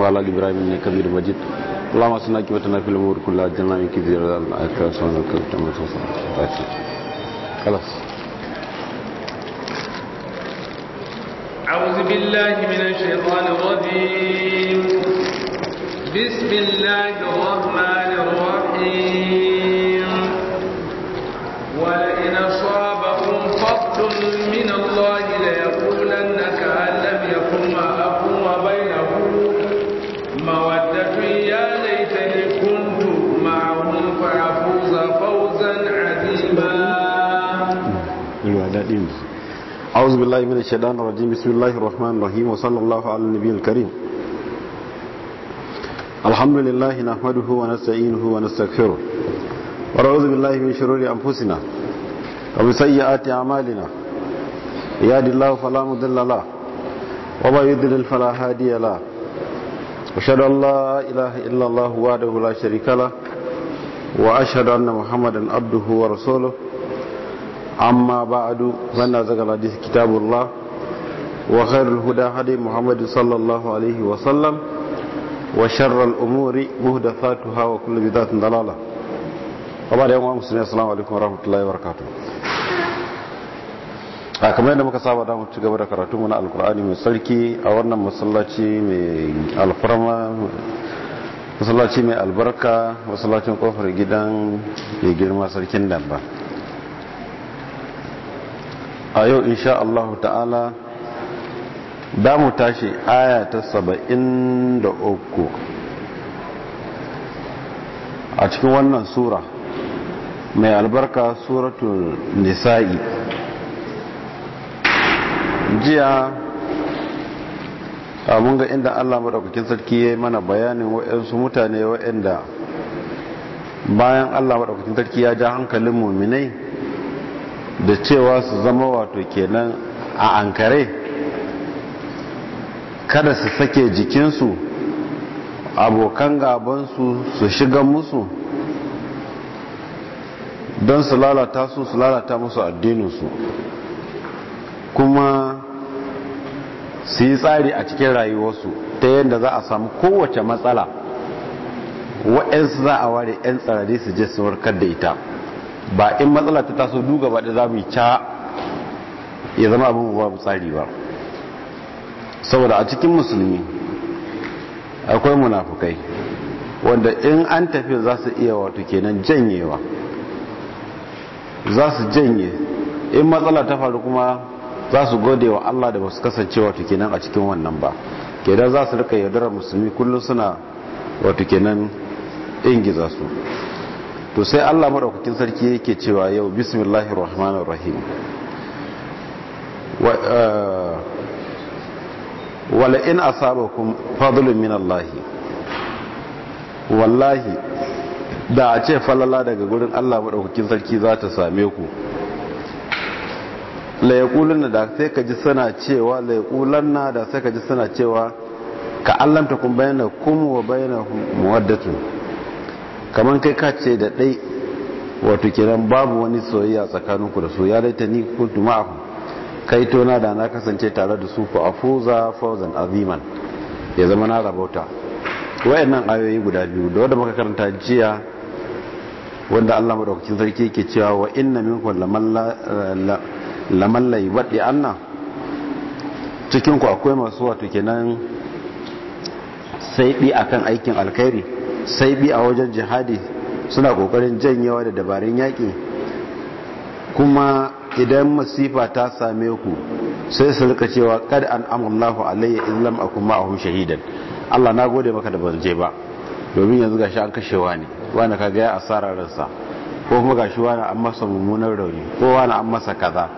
وعلى ال انك حميد مجيد اللهم اصلح عاقبتنا في الامور كلها اجعلنا من كيد خلاص أعوذ بالله من الشيطان الرجيم بسم الله الرحمن الرحيم أعوذ بالله من الشيطان الرجيم بسم الله الرحمن الرحيم وصلى الله على النبي الكريم الحمد لله نحمده ونستعينه ونستغفره ونعوذ بالله من شرور أنفسنا ومن سيئات أعمالنا يهد الله فلا مضل له وما يضلل فلا هادي له أشهد أن لا إله إلا الله وحده لا شريك له وأشهد أن محمدا عبده ورسوله أما بعد فإن أصدق الحديث كتاب الله وخير الهدى هدي محمد صلى الله عليه وسلم وشر الأمور محدثاتها وكل بدعة ضلالة وبعد يوم مسلمين السلام عليكم ورحمة الله وبركاته a kamar yadda muka saba damu ci gaba da karatu mana alkur'ani mai sarki a wannan masallaci mai alfarma masallaci mai albarka masallacin kofar gidan girma sarkin damba a yau insha Allah ta'ala da mu tashi aya ta saba'in da uku a cikin wannan sura mai albarka suratun nisa'i jiya a munga inda allah maɗaukakin sarki ya yi mana bayanin waɗansu mutane waɗanda bayan allah maɗaukakin sarki ya ja hankalin muminai da cewa su zama wato kenan a ankare kada su sake jikinsu abokan gabansu su shiga musu don su lalata su su lalata musu addininsu kuma su yi tsari a cikin rayuwarsu ta yadda za a samu kowace matsala wa'yansu za a ware 'yan tsarari su je su warkar da ita ba in matsala ta taso duga ba da za mu yi ca ya zama abin ba tsari ba saboda a cikin musulmi akwai munafukai wanda in an tafi za su iya wato kenan janyewa za su janye in matsala ta faru kuma za su gode wa Allah da ba su kasance wato kenan a cikin wannan ba kenan za su rika yaudarar musulmi kullum suna wato kenan ingiza su to sai Allah madaukakin sarki yake cewa yau bismillahir rahmanir rahim wala uh, in asabakum fadlun min Allah wallahi da a ce falala daga gurin Allah madaukakin sarki za ta same ku layakulun da sai ka ji suna cewa layakulun da sai ka ji suna cewa ka allanta kun bayyana kuma wa bayyana muwaddatun kamar kai ka ce da ɗai wato kiran babu wani soyayya tsakaninku da su ya laita ni kuntu ma'ahu kai tona da na kasance tare da su fa afuza fawzan aziman ya zama na rabauta wayannan ayoyi guda biyu da wanda muka karanta jiya wanda Allah madaukakin sarki yake cewa wa inna minkum lamalla lamalla yubdi anna cikin ku akwai masu wato kenan sai bi akan aikin alkhairi sai bi a wajen jihadi suna kokarin janyewa da dabarun yaƙi kuma idan masifa ta same ku sai su rika cewa kad an amallahu alayya lam akun ma'ahu shahidan Allah na gode maka da ban je ba domin yanzu gashi an kashewa ne wani ga ya asara ransa ko kuma gashi wani an masa mummunan rauni ko wani an masa kaza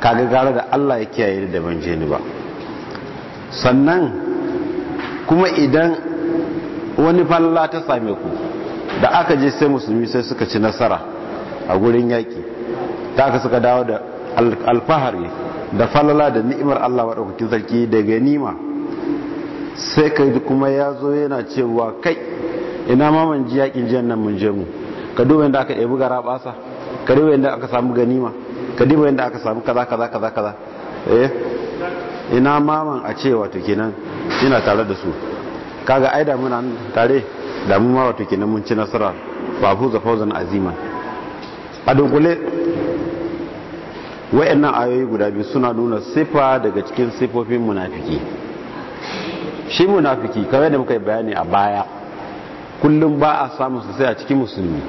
kaga gara da Allah ya kiyaye da ban ni ba sannan kuma idan wani falla ta same ku da aka je sai musulmi sai suka ci nasara a gurin yaƙi ta aka suka dawo da alfahari da falala da ni'imar Allah maɗaukakin sarki da ganima sai ka kuma ya zo yana cewa kai ina ma ji yaƙin jiyan nan mun je mu ka duba yadda aka ɗebi gara ɓasa ka duba yadda aka samu ganima ka duba yadda aka samu kaza kaza kaza kaza eh ina maman a ce wato kenan ina tare da su kaga ai muna tare da mu ma wato kenan mun ci nasara fa fuza fawzan azima a dunkule wayannan ayoyi guda biyu suna nuna sifa daga cikin sifofin munafiki shi munafiki kawai da muka yi bayani a baya kullum ba a samu sai a cikin musulmi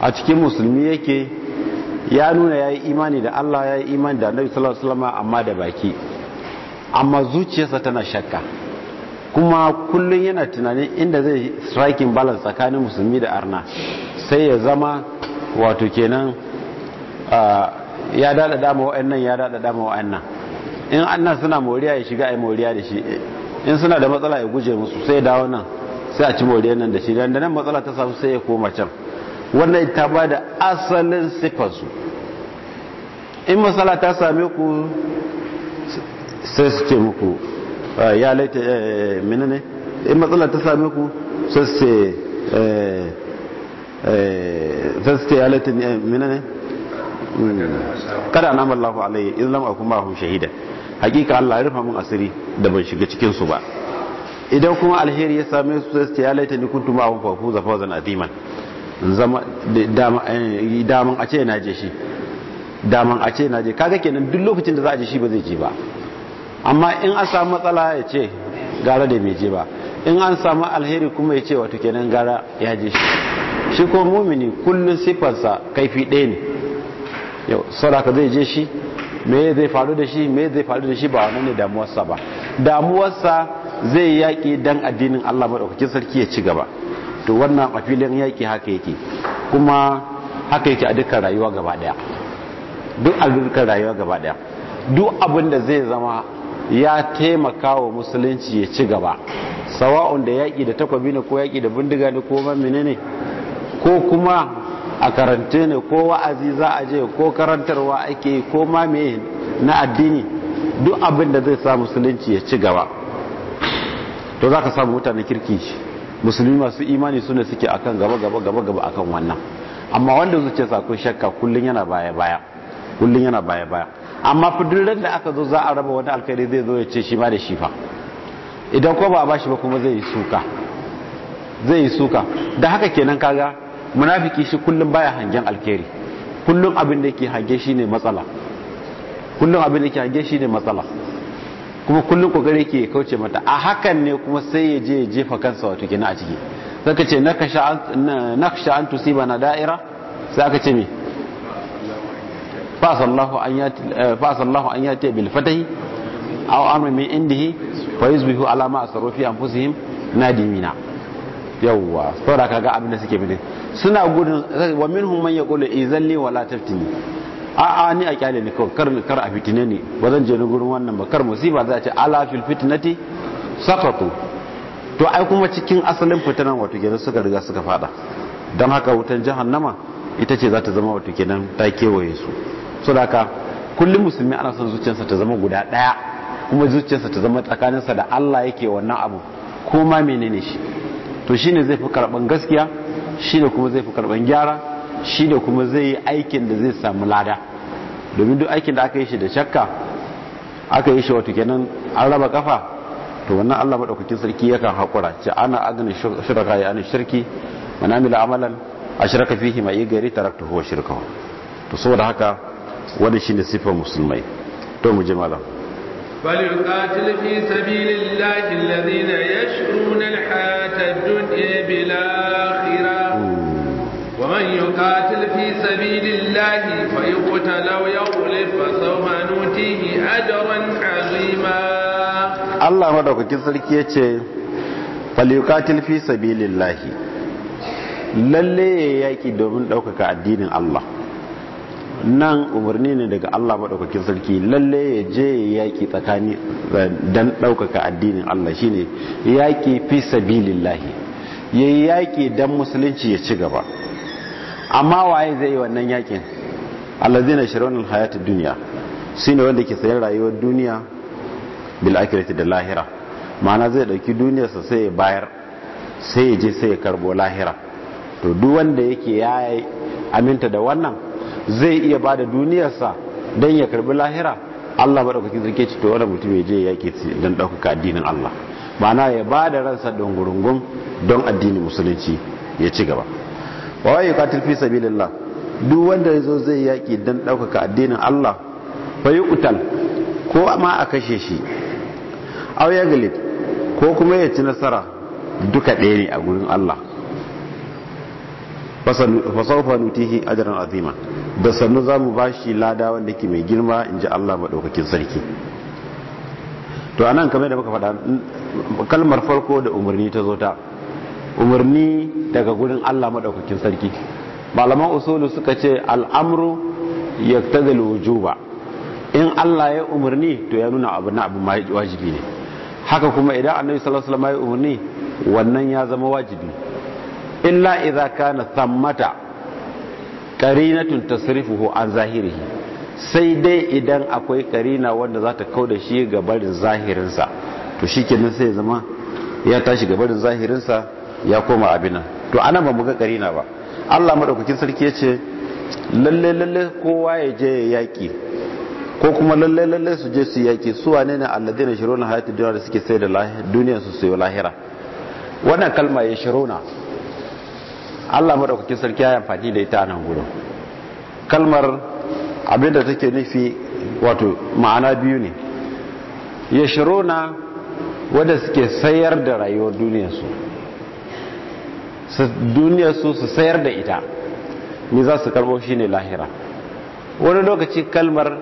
a cikin musulmi yake ya nuna ya yi imani da Allah ya yi imani da Annabi sallallahu alaihi wasallam amma da baki amma zuciyarsa tana shakka kuma kullum yana tunanin inda zai striking balance tsakanin musulmi da arna sai ya zama wato kenan ya dada dama wa'annan ya dada dama wa'annan in annan suna moriya ya shiga a moriya da shi in suna da matsala ya guje musu sai ya dawo nan sai a ci moriya nan da shi da nan matsala ta samu sai ya koma can wannan ta ba da asalin sifarsu in matsala ta same ku sai su ce muku Eh, ya laita eh, eh, mina ne in matsala ta same ku sassa ya laita mina ne kada anama Allah alayhi in lam akun hu shahida hakika Allah ya rufa mun asiri da ban shiga cikin su ba idan kuma alheri ya same su sai ya laita ni kuntu ma'ahu fa zafa fawzan adiman zama daman a ce na je shi daman a ce na je kaga kenan duk lokacin da za a je shi ba zai je ba amma in an samu matsala ya ce gara da bai je ba in an samu alheri kuma ya ce wato kenan gara ya je shi shi ko mumini kullun sifarsa kaifi ɗaya ne yau sadaka zai je shi me zai faru da shi me zai faru da shi ba wani ne damuwarsa ba damuwarsa zai yaƙi dan addinin Allah maɗaukakin sarki ya ci gaba to wannan a filin yaƙi haka yake kuma haka yake a dukkan rayuwa gaba daya duk a dukkan rayuwa gaba daya duk abin da zai zama ya taimaka wa musulunci ya ci gaba sawa'un da yaƙi da takwabi ne ko yaƙi da bindiga ne ko mamine ne ko kuma a karanta ne ko wa'azi za a je ko karantarwa ake ko mamaye na addini duk abin da zai sa musulunci ya ci gaba to za ka samu mutane kirki musulmi masu imani suna suke akan gaba gaba gaba gaba akan wannan amma wanda zuciyarsa akwai shakka kullum yana baya baya kullum yana baya baya amma fa da aka zo za a raba wani alkhairi zai zo ya ce shi ma da shi fa idan ko ba a bashi ba kuma zai yi suka zai yi suka da haka kenan kaga munafiki shi kullum baya hangen alkhairi kullum abin da yake hange ne matsala kullum abin da yake hange ne matsala kuma kullum kokari ke kauce mata a hakan ne kuma sai ya je ya jefa kansa wato kina a ciki zaka ce nakasha an tusiba na da'ira sai aka ce me فعسى الله أن يأتي فعسى الله أن يأتي بالفتح أو أمر من عنده فيصبحوا على ما أسروا في أنفسهم نادمين yawwa saboda ka ga abin da suke bidin suna gudun wa minhum man yaqulu izalli wa la taftini a a ni a kyale ni kawai kar kar a fitine ni ba zan je ni gurin wannan ba kar musiba za ce ala fil fitnati sakatu to ai kuma cikin asalin fitinan wato ke suka riga suka fada don haka wutan jahannama ita ce za ta zama wato kenan ta kewaye su so kullum musulmi ana son zuciyarsa ta zama guda daya kuma zuciyarsa ta zama tsakaninsa da Allah yake wannan abu ko ma menene shi to shine zai fi karban gaskiya shine kuma zai fi karban gyara shine kuma zai yi aikin da zai samu lada domin duk aikin da aka yi shi da shakka aka yi shi wato kenan an raba kafa to wannan Allah madaukakin sarki yakan hakura ce ana agana shirka ya ana shirki manamila amalan ashraka fihi ma gari taraktuhu wa shirkahu to saboda haka wanda shi ne siffar musulmai to mu jima lam falirkatil fi sabili lalaki lalina ya shirun alhata duniya bila khira wa man yi katil fi sabili lalaki fa yi kuta lauya wule fa saumanu tihi adaran azima allah madaukakin sarki ya ce falirkatil fi sabili lalle ya yaki domin daukaka addinin allah nan umarni ne daga Allah maɗaukakin sarki lalle ya je yaƙi tsakani eh, don ɗaukaka addinin Allah shi shine yaƙi fi sabilillahi ya yi yaƙi don musulunci ya ci gaba amma waye zai yi wannan yaƙin Allah zai na shirin hayatun duniya shi ne wanda ke sayan rayuwar duniya bil akirati da lahira ma'ana zai ɗauki duniyarsa sai ya bayar sai ya je sai ya karbo lahira to duk wanda yake ya aminta da wannan zai iya ba da duniyarsa don ya karbi lahira Allah da kwakin zirke to wani mutum ya je ya yake don ɗaukaka addinin Allah na ya ba da ransa don gurungun don addinin musulunci ya ci gaba wa yi katil fi lalla duk wanda ya zo zai yaki dan ɗaukaka addinin Allah yi utal? ko ma a kashe shi aw galib? ko kuma ya ci nasara duka ɗaya ne a gurin Allah fasaufa nutihi ajran azima da sannu zamu bashi lada wanda yake mai girma in ji Allah madaukakin sarki to anan kamar da muka faɗa kalmar farko da umarni ta zo ta umarni daga gurin Allah madaukakin sarki malaman usulu suka ce al'amru yaktazil wujuba in Allah ya umarni to ya nuna abu na abu wajibi ne haka kuma idan annabi sallallahu alaihi wasallam ya umarni wannan ya zama wajibi illa idza kana thammata qarinatun tasrifuhu an zahirihi sai dai idan akwai karina wanda za ta kauda shi ga barin zahirinsa to shikenan sai zama ya tashi ga barin zahirinsa ya koma abinan to anan ba mu ga karina ba Allah madaukakin sarki ya ce lalle lalle kowa ya je ya yaki ko kuma lalle lalle su je su yaki su wane ne alladina shiruna hayatid dunya da suke sai da duniya su sai lahira wannan kalma ya shiruna Allah madaukakin sarki ya amfani da ita nan gurin kalmar abinda take nufi wato ma'ana biyu ne ya na wanda suke sayar da rayuwar duniyarsu su duniyarsu su sayar da ita me za su karbo ne lahira wani lokaci kalmar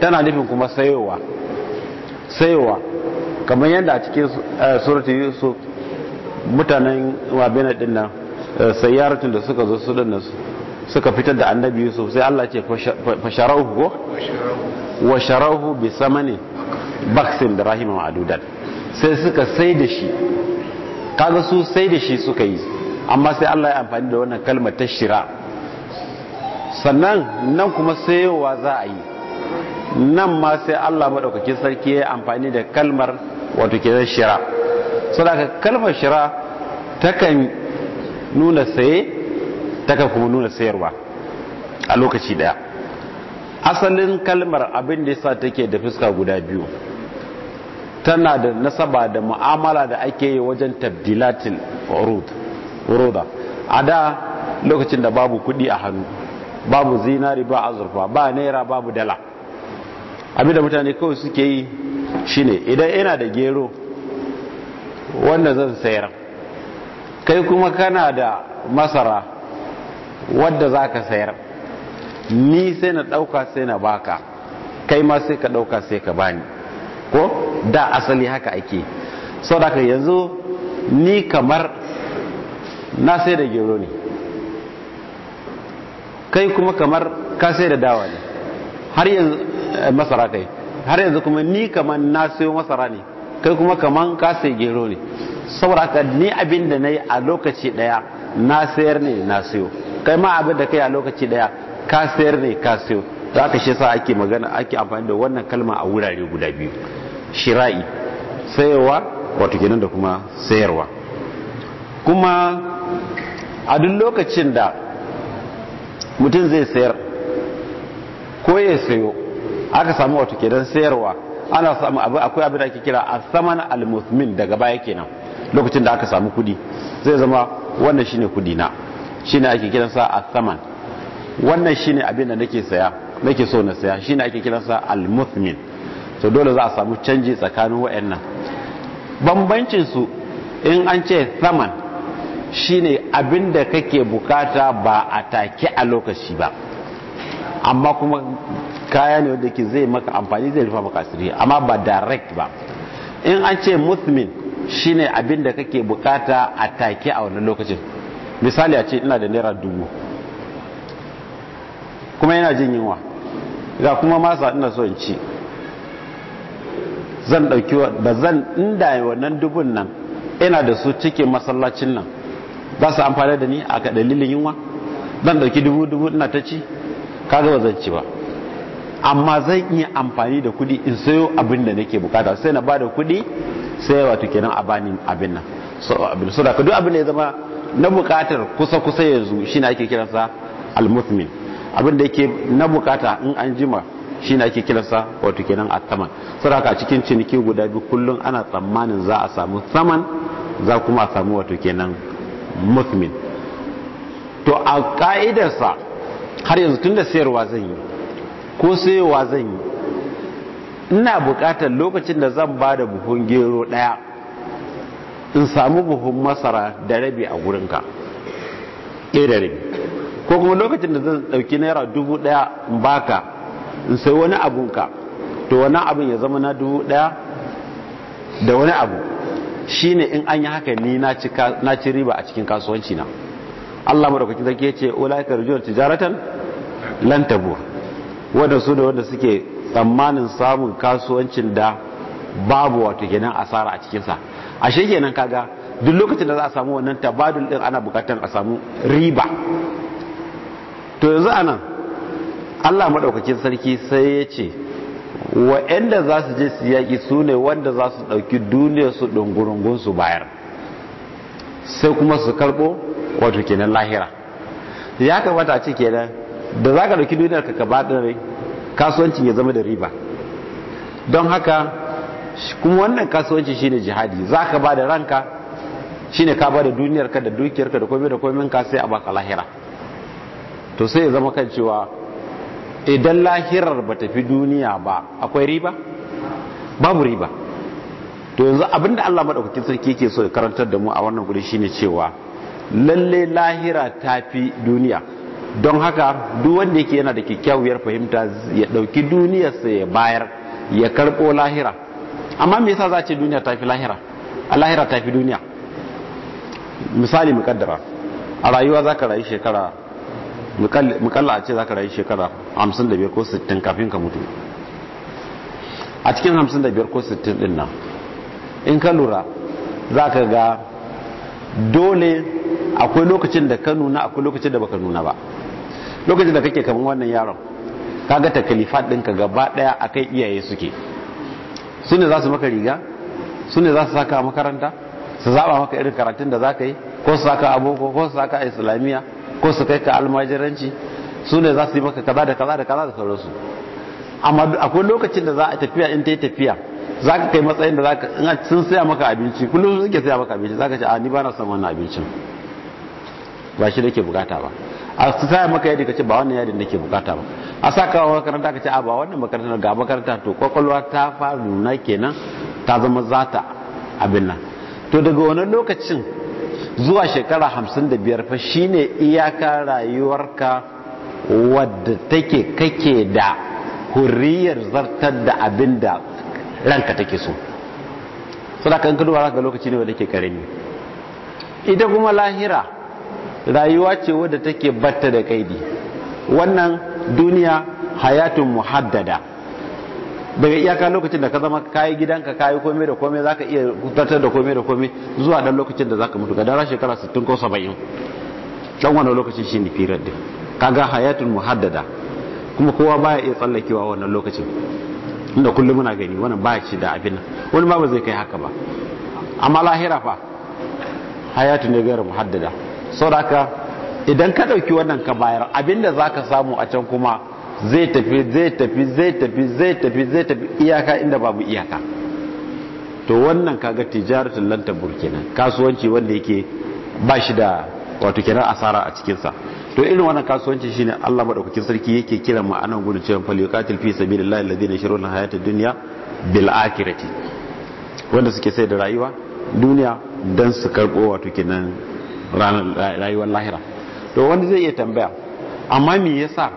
tana nufin kuma sayowa sayowa kamar yadda a cikin eh, suratun yusuf mutanen wabinan dinnan sayyaratun da suka zo su dinnan suka fitar da annabi yusuf sai Allah ce fasharahu ko wa sharahu bi samani baksin da rahimu ma'adudan sai suka sai da shi kaga su sai da shi suka yi amma sai Allah ya amfani da wannan kalmar ta shira sannan nan kuma sayowa za a yi nan ma sai Allah madaukakin sarki ya amfani da kalmar wato kenan shira saboda kalmar shira takan nuna saye takan kuma nuna sayarwa a lokaci daya asalin kalmar abin da yasa take da fuska guda biyu tana da nasaba da mu'amala da ake yi wajen tabdilatil uruda a da lokacin da babu kudi a hannu babu zinari ba azurfa ba naira babu dala abin da mutane kawai suke yi shine idan yana da gero wanda zan sayar kai kuma kana da masara wadda za ka sayar ni sai na ɗauka sai na baka kai ma sai ka ɗauka sai ka bani ko da asali haka ake sau da yanzu ni kamar na sai da gero ne kai kuma kamar ka sai da dawa ne har yanzu eh, masara kai har yanzu kuma ni kamar na sayo masara ne kai kuma kamar ka sai gero ne saboda ni abin da na yi a lokaci daya na sayar ne na sayo kai ma abin da kai a lokaci daya ka sayar ne ka sayo za ka shi sa ake magana ake amfani da wannan kalma a wurare guda biyu shira'i sayarwa wato kenan da kuma sayarwa kuma a duk lokacin da mutum zai sayar ko ya sayo aka samu wato kenan sayarwa ana samu abu akwai abin da ake kira a saman al daga baya kenan lokacin da aka samu kudi zai zama wannan shine kudi na shine ake kiransa athaman wannan shine abin da nake saya nake so na saya shine ake kiransa almuthmin to dole za a samu canji tsakanin wayannan bambancin su in an ce thaman shine abin da kake bukata ba a take a lokaci ba amma kuma kaya ne wanda ke zai maka amfani zai rufa maka asiri amma ba direct ba in an ce muthmin shine abin da kake bukata a take a wannan lokacin misali a ce ina da naira dubu kuma yana jin yunwa ga kuma masa ina so in ci zan dauki ba zan inda wannan dubun nan ina da su cikin masallacin nan za su amfani da ni a ka dalilin yunwa zan dauki dubu dubu ina ta ci kaga ba zan ci ba amma zan iya amfani da kudi in sayo abin da nake bukata sai na ba da kudi sai wato kenan a bani abin nan so da duk abin da ya zama na bukatar kusa kusa yanzu shine ake kiransa al abin da yake na bukata in an jima shine ake kiransa wato kenan at-taman saboda cikin ciniki guda biyu kullum ana tsammanin za a samu saman za kuma a samu wato kenan muthmin to a ka'idarsa har yanzu tun da sayarwa zan yi ko sayarwa zan yi ina buƙatar lokacin da zan ba da buhun gero ɗaya in samu buhun masara da rabi a gurinka ɗaya eh, da rabi ko kuma lokacin da zan ɗauki naira dubu ɗaya in baka in sai wani abunka to wani abin ya zama na dubu ɗaya da wani abu shine in an yi haka ni na ci riba a cikin kasuwanci na Allah madaukakin ce, yace ulaika rujul tijaratan lan tabur wanda su da wanda suke tsammanin samun kasuwancin da babu wato kenan asara a cikinsa ashe kenan kaga duk lokacin da za a samu wannan tabadul din ana bukatar a samu riba to yanzu anan Allah madaukakin sarki sai ya ce wa'anda za su je su yaƙi su ne wanda za su ɗauki duniya su ɗungurungun su bayar sai kuma su karɓo wato kenan lahira ya kamata a ce kenan da za ka ɗauki duniyar ka ka rai? Kasuwanci ya zama da riba don haka kuma wannan kasuwanci shine jihadi za ka ba da ranka shine ka ba da duniyarka da dukiyarka da komai da komai ka sai a baka lahira to sai ya zama kan cewa idan lahirar ba tafi duniya ba akwai riba babu riba to yanzu abinda Allah maɗaukaki sarki ke so ya karantar da mu a wannan guri shine cewa lalle lahira tafi duniya don haka duk wanda yake yana da kyakkyawar fahimta ya dauki sa ya bayar ya karbo lahira amma me yasa za a ce duniya ta fi lahira a lahira ta fi duniya misali mukaddara a rayuwa za ka rayu shekara mukalla a ce za ka rayu shekara 55 ko 60 kafin ka mutu a cikin 55 ko 60 din nan in ka lura za ka ga dole akwai lokacin da ka nuna akwai lokacin da baka nuna ba lokacin da kake kaman wannan yaron kaga ɗin ɗinka gaba ɗaya kai iyaye suke su ne za su maka riga su ne za su saka makaranta su zaba maka irin karatun da za ka yi ko su saka aboko ko su saka islamiyya ko su kai ka almajiranci su ne za su yi maka kaza da kaza da kaza da sauransu amma akwai lokacin da za a tafiya in ta yi tafiya za ka kai matsayin da za ka sun saya maka abinci kullum suke saya maka abinci za ka ce a ni ba na son wannan abincin ba shi da ke bukata ba a su saya maka yadda ka ce ba wannan yadda ke bukata ba a sa kawo makaranta ka ce a ba wannan makaranta ga makaranta to kwakwalwa ta fara nuna kenan ta zama zata abin nan to daga wani lokacin zuwa shekara hamsin da biyar fa shine iyaka rayuwarka wadda take kake da hurriyar zartar da abin da ranka take so sadaka in ka duba zaka lokaci ne wanda ke karami ita kuma lahira rayuwa ce wadda take batta da kaidi wannan duniya hayatun muhaddada daga iyaka lokacin da ka zama kayi gidanka kayi komai da komai zaka iya tattar da komai da komai zuwa dan lokacin da zaka mutu ga dara shekara 60 ko 70 dan wannan lokacin shine firar din kaga hayatun muhaddada kuma kowa baya iya tsallakewa wannan lokacin inda kullum muna gani wannan ba shi da abin nan wani ma ba zai kai haka ba amma lahira fa hayatu ne gairu muhaddada saboda idan ka dauki wannan ka bayar abinda zaka samu a can kuma zai tafi zai tafi zai tafi zai tafi zai tafi iyaka inda babu iyaka to wannan ka kaga tijaratul lantabur kenan kasuwanci wanda yake ba shi da wato kenan asara a cikin sa to irin wannan kasuwanci shine Allah madaukakin sarki yake kiran mu anan gudu cewa falyuqatil fi sabilillahi alladhina yashruna hayata dunya bil akhirati wanda suke sai da rayuwa duniya dan su karbo wato kenan rayuwar lahira to wanda zai iya tambaya amma me yasa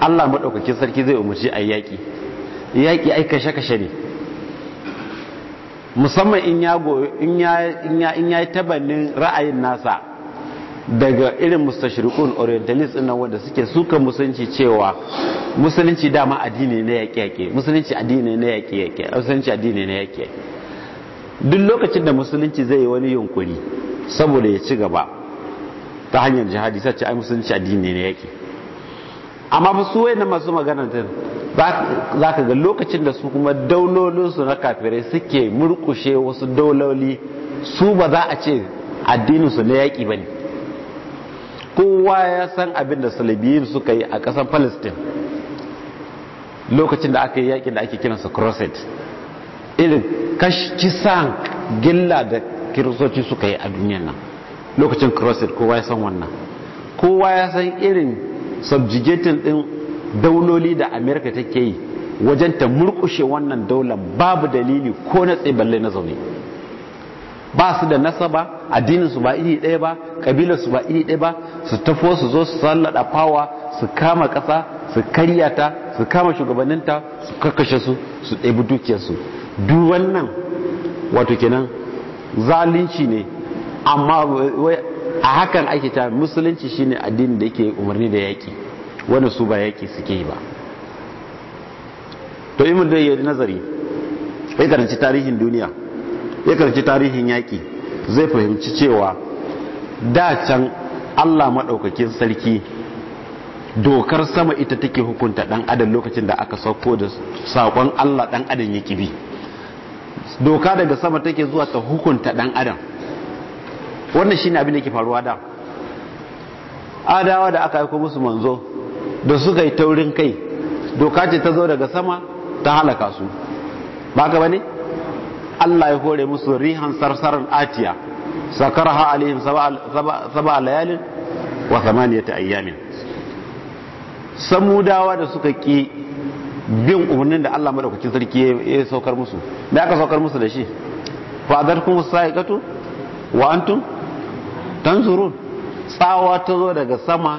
Allah madaukakin sarki zai umarci a yaki yaki ai kashe kashe ne musamman in ya in ya in ya ra'ayin nasa daga irin mustashirikun orientalist ɗin nan wanda suke suka musulunci cewa musulunci dama addini ne yaƙe yaƙe musulunci addini ne yaƙe yaƙe musulunci addini ne yaƙe duk lokacin da musulunci zai yi wani yunkuri saboda ya ci gaba ta hanyar jihadi sai ce ai musulunci addini ne yaƙe amma ba su wayannan masu magana din za ka ga lokacin da su kuma daulolinsu na kafirai suke murkushe wasu dauloli su ba za a ce addininsu na yaƙi ba ne kowa ya san abin da salibiyin suka yi a ƙasar palestine lokacin da aka yi yakin da ake su crusade irin kashkisan gilla da kirisoci suka yi a duniyan nan lokacin crusade kowa ya san wannan kowa ya san irin subjugating din dauloli da amerika take yi wajen ta murkushe wannan daular babu dalili ko na tsaye na zaune ba su da nasaba addinin su ba iri ɗaya ba kabilar su ba iri ɗaya ba su tafo su zo su sallada fawa su kama ƙasa su karya ta su kama shugabanninta su kakkashe su su ɗebi dukiyarsu duk wannan wato kenan zalunci ne amma a hakan ake ta musulunci shine addinin da yake umarni da yaƙi wanda su ba yaƙi suke ba to imin da ya nazari sai karanci tarihin duniya ya karci tarihin yaƙi zai fahimci cewa da can allah maɗaukakin sarki dokar sama ita take hukunta ɗan adam lokacin da aka sauko da saƙon allah ɗan adam ya bi doka daga sama take zuwa ta hukunta ɗan adam wannan shine abin da ke faruwa da adawa da aka aiko musu manzo da suka yi taurin kai doka ce ta zo daga sama ta halaka su ba ka bane Allah ya hore musu rihan sarsarar atiya Sakar ha alihim saba layalin wa thamaniyata ayyamin samudawa da suka ki bin umarnin da Allah madaukakin sarki ya saukar musu da aka saukar musu da shi fa sa'i sa'iqatu wa antum tanzurun tsawa ta zo daga sama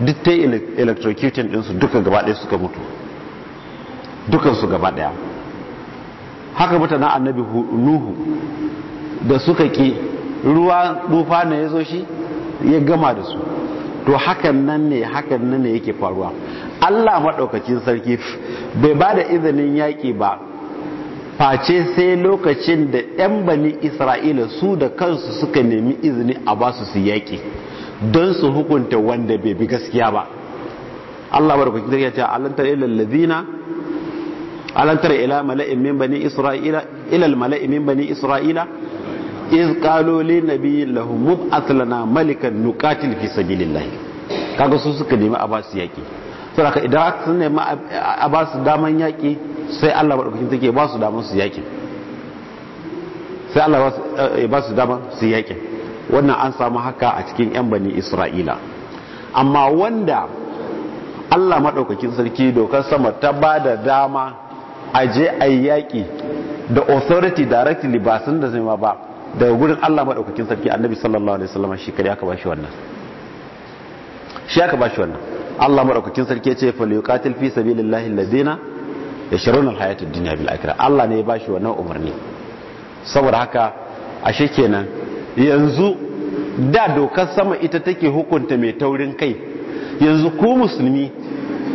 duk ta dinsu ɗinsu duka gaba daya suka mutu dukansu gaba daya. haka mutanen annabi nuhu da suka ke ruwa tufa na ya zo shi ya gama da su to hakan nan ne hakan nan ne yake faruwa Allah maɗaukacin sarki bai ba da izinin yaƙi ba face sai lokacin da 'yan bani isra'ila su da kansu suka nemi izini a ba su su yaƙi don su hukunta wanda bai bi gaskiya ba Allah maɗaukacin sarki ya ce alantar ilal ladina alam tara ila mala'in min bani isra'ila ila al mala'i min bani isra'ila iz qalu li nabiyyin lahum mub'ath lana malikan nuqatil fi sabilillah kaga su suka nemi a basu to haka idan sun nemi a basu daman yaki sai Allah madaukakin take ba su daman su yaki sai Allah ba su daman su yaki wannan an samu haka a cikin yan bani Isra'ila amma wanda Allah madaukakin sarki dokar sama ta ba da dama a je a yi yaƙi da authority directly ba sun da zama ba daga gurin Allah maɗaukakin sarki annabi sallallahu alaihi wasallam shi kare aka ba shi wannan shi aka ba shi wannan Allah maɗaukakin sarki ya ce fa liqatil fi sabilillahi alladhina yashruna alhayatad dunya bil akhirah Allah ne ya ba shi wannan umarni saboda haka ashe kenan yanzu da dokar sama ita take hukunta mai taurin kai yanzu ku musulmi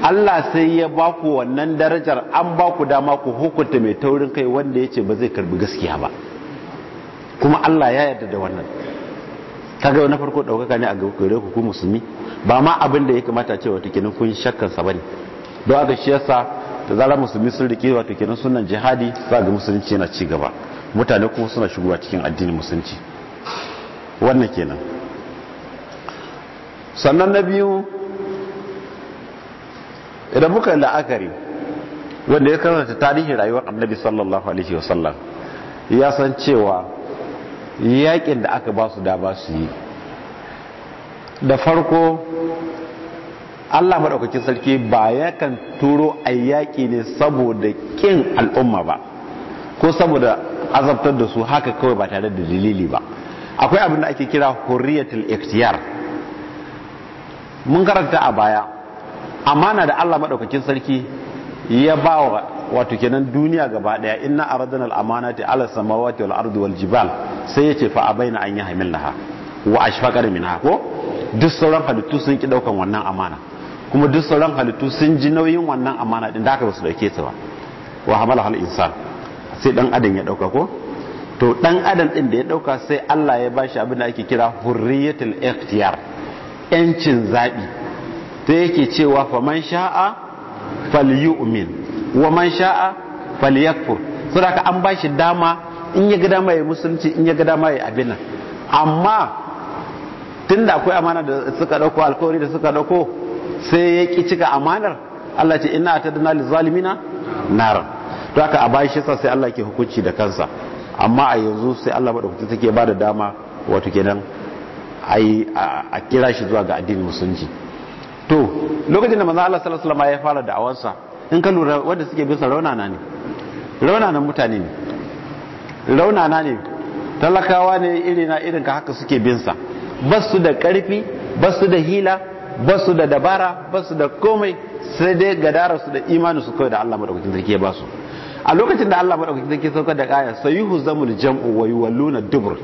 Allah sai ya ba ku wannan darajar an ba ku dama ku hukunta mai taurin kai wanda ya ce ba zai karbi gaskiya ba kuma Allah ya yarda da wannan Ta gaba na farko daukaka ne a gare ku ku musulmi ba ma abin da ya kamata cewa to kenan kun shakkan sa bane don aka shi yasa da zarar musulmi sun rike wato kenan sunan jihadi za ga musulunci yana ci gaba mutane kuma suna shigowa cikin addinin musulunci wannan kenan sannan na biyu idan muka yi la'akari wanda ya karanta tarihin rayuwar annabi sallallahu alaihi wasallam ya san cewa yaƙin da aka ba su da ba su yi da farko Allah maɗaukakin sarki ba ya kan turo a yaƙi ne saboda ƙin al'umma ba ko saboda azabtar da su haka kawai ba tare da dalili ba akwai abin da ake kira horiyatul ikhtiyar mun karanta a baya amana da Allah madaukakin sarki ya ba wa wato kenan duniya gaba daya inna aradna al-amanati ala samawati wal ardi wal jibal sai yace fa abaina an yi yahmilnaha wa ashfaqar minha ko duk sauran halittu sun ki daukan wannan amana kuma duk sauran halittu sun ji nauyin wannan amana din da aka basu dauke ta ba wa hamala hal insan sai dan adam ya dauka ko to dan adam din da ya dauka sai Allah ya bashi abin da ake kira hurriyatul ikhtiyar yancin zabi ta yake cewa fa sha'a falyu'min wa man sha'a falyakfur saboda an ba shi dama in ya ga dama musulunci in ya ga dama ya abin nan amma tunda akwai amana da suka dauko alkawari da suka dauko sai ya ki cika amanar Allah ce inna atadna zalimina nar to haka a bashi sa sai Allah ke hukunci da kansa amma a yanzu sai Allah madaukaki take ba da dama wato kenan ai a kira shi zuwa ga addinin musulunci to lokacin da manzo Allah sallallahu alaihi wasallam ya fara da'awarsa in ka lura wanda suke bisa raunana ne raunana mutane ne raunana ne talakawa ne irin na irin ka haka suke bin sa su da karfi su da hila ba su da dabara ba su da komai sai dai gadara su da imani su kai da Allah madaukakin sarki ya basu a lokacin da Allah madaukakin sarki saukar da kaya sayuhu zamul jam'u wa yuwalluna dubur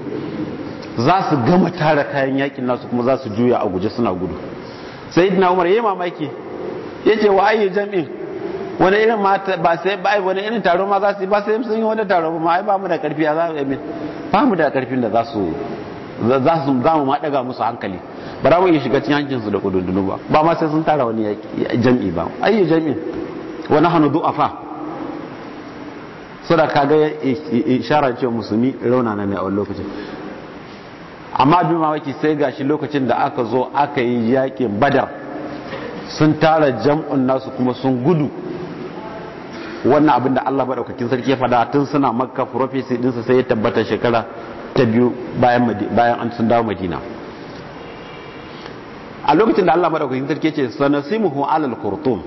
za su gama tara kayan yakin nasu kuma za su juya a guje suna gudu sayyidina umar yayi mamaki yace wa ayyu jam'in wani irin mata ba sai ba ai wani irin taro ma za su yi ba sai sun yi wani taro ma ai ba mu da karfi za mu amin ba mu da karfin da za su za su za mu ma daga musu hankali ba za mu yi shiga cikin hankin su da kudundunu ba ba ma sai sun tara wani jam'i ba ayyu jam'in wa nahnu du'afa sura kaga isharar cewa musulmi raunana ne a wani lokacin amma abin mamaki sai gashi lokacin da aka zo aka yi yakin badar sun tara jam'un nasu kuma sun gudu wannan abin da Allah maɗaukakin sarki ya faɗa tun suna makka prophecy ɗinsa sai ya tabbata shekara ta biyu bayan an sun dawo madina a lokacin da Allah maɗaukakin sarki ce sanasimuhu alal kurtum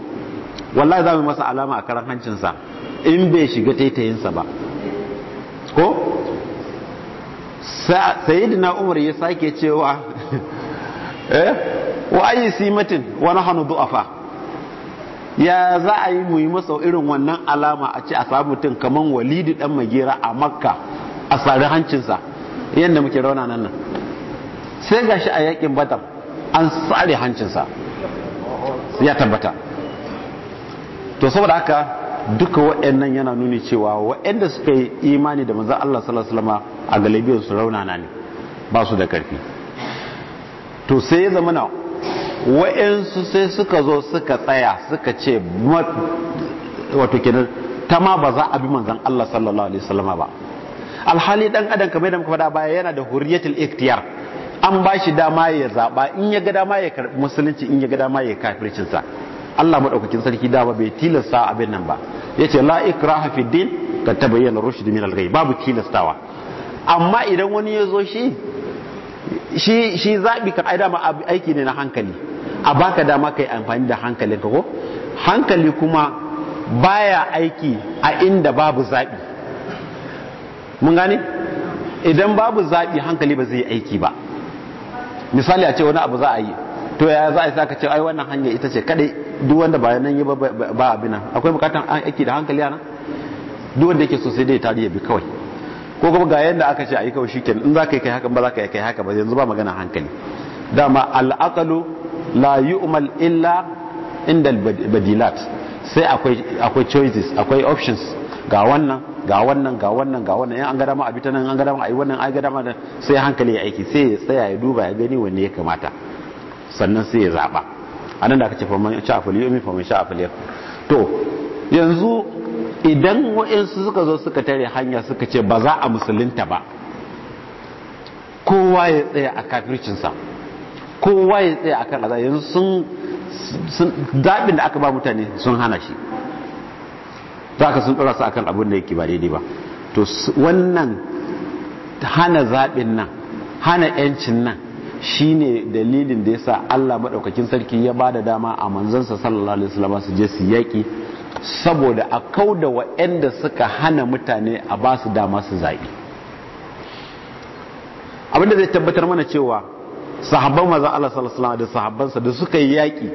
wallahi za mu masa alama a karan hancinsa in bai shiga taitayinsa ba ko sayyidina umar ya sake cewa eh wa ayi simatin wa nahnu du'afa ya za a yi mu yi masa irin wannan alama a ce a samu mutum kaman walidi dan magira a makka a sari hancinsa yadda muke rauna nan nan sai gashi a yakin batar an sare hancinsa ya tabbata to saboda haka duka wa'annan yana nuni cewa wa'anda suka yi imani da manzon Allah sallallahu alaihi a galibiyar su raunana ne ba su da karfi to sai ya zama na wa'ansu sai suka zo suka tsaya suka ce wato kenan ta ma ba za a bi manzon Allah sallallahu alaihi wasallama ba alhali dan adam kamar da muka faɗa baya yana da hurriyatul ikhtiyar an ba shi dama ya zaba in ya ga dama ya karbi musulunci in ya ga dama ya kafircinsa Allah madaukakin sarki dama bai tilasta abin nan ba yace la ikraha fi din ka tabayyana rushd min al babu tilastawa amma idan wani ya zo shi shi shi zabi ka ai dama aiki ne na hankali a baka dama kai amfani da hankalin ka ko hankali kuma baya aiki a inda babu zabi mun gane idan babu zabi hankali ba zai aiki ba misali a ce wani abu za a yi to ya za a yi ka ce ai wannan hanya ita ce kadai duk wanda ba nan yi ba abin nan akwai bukatan aiki da hankali nan duk wanda yake so sai dai tarihi bi kawai ko kuma ga yanda aka ce ayi kawai shikenan in za ka yi kai haka ba za ka yi kai haka ba yanzu ba magana hankali dama al'akalu la yu'mal illa inda badilat sai akwai akwai choices akwai options ga wannan ga wannan ga wannan ga wannan yan an ga dama a ta nan an ga dama ayi wannan ayi ga dama sai hankali ya aiki sai ya tsaya ya duba ya gani wanne ya kamata sannan sai ya zaba anan da aka ce faman sha afal yomi faman sha afal to yanzu idan wa'insu suka zo suka tare hanya suka ce ba za a musulunta ba kowa ya tsaya a kafircinsa kowa ya tsaya a kan yanzu sun zaɓin da aka ba mutane sun hana shi za ka sun ɗora su akan abin da yake ba daidai ba to wannan hana zaɓin nan hana 'yancin nan Shi ne dalilin da ya sa Allah maɗaukakin sarki ya bada dama a manzansa sallallahu alaihi wasallam su je su yaki saboda a kauda waɗanda suka hana mutane a ba su dama su zaɓi abinda zai tabbatar mana cewa sahabban maza Allah sallallahu alaihi da sahabbansa da suka yi yaƙi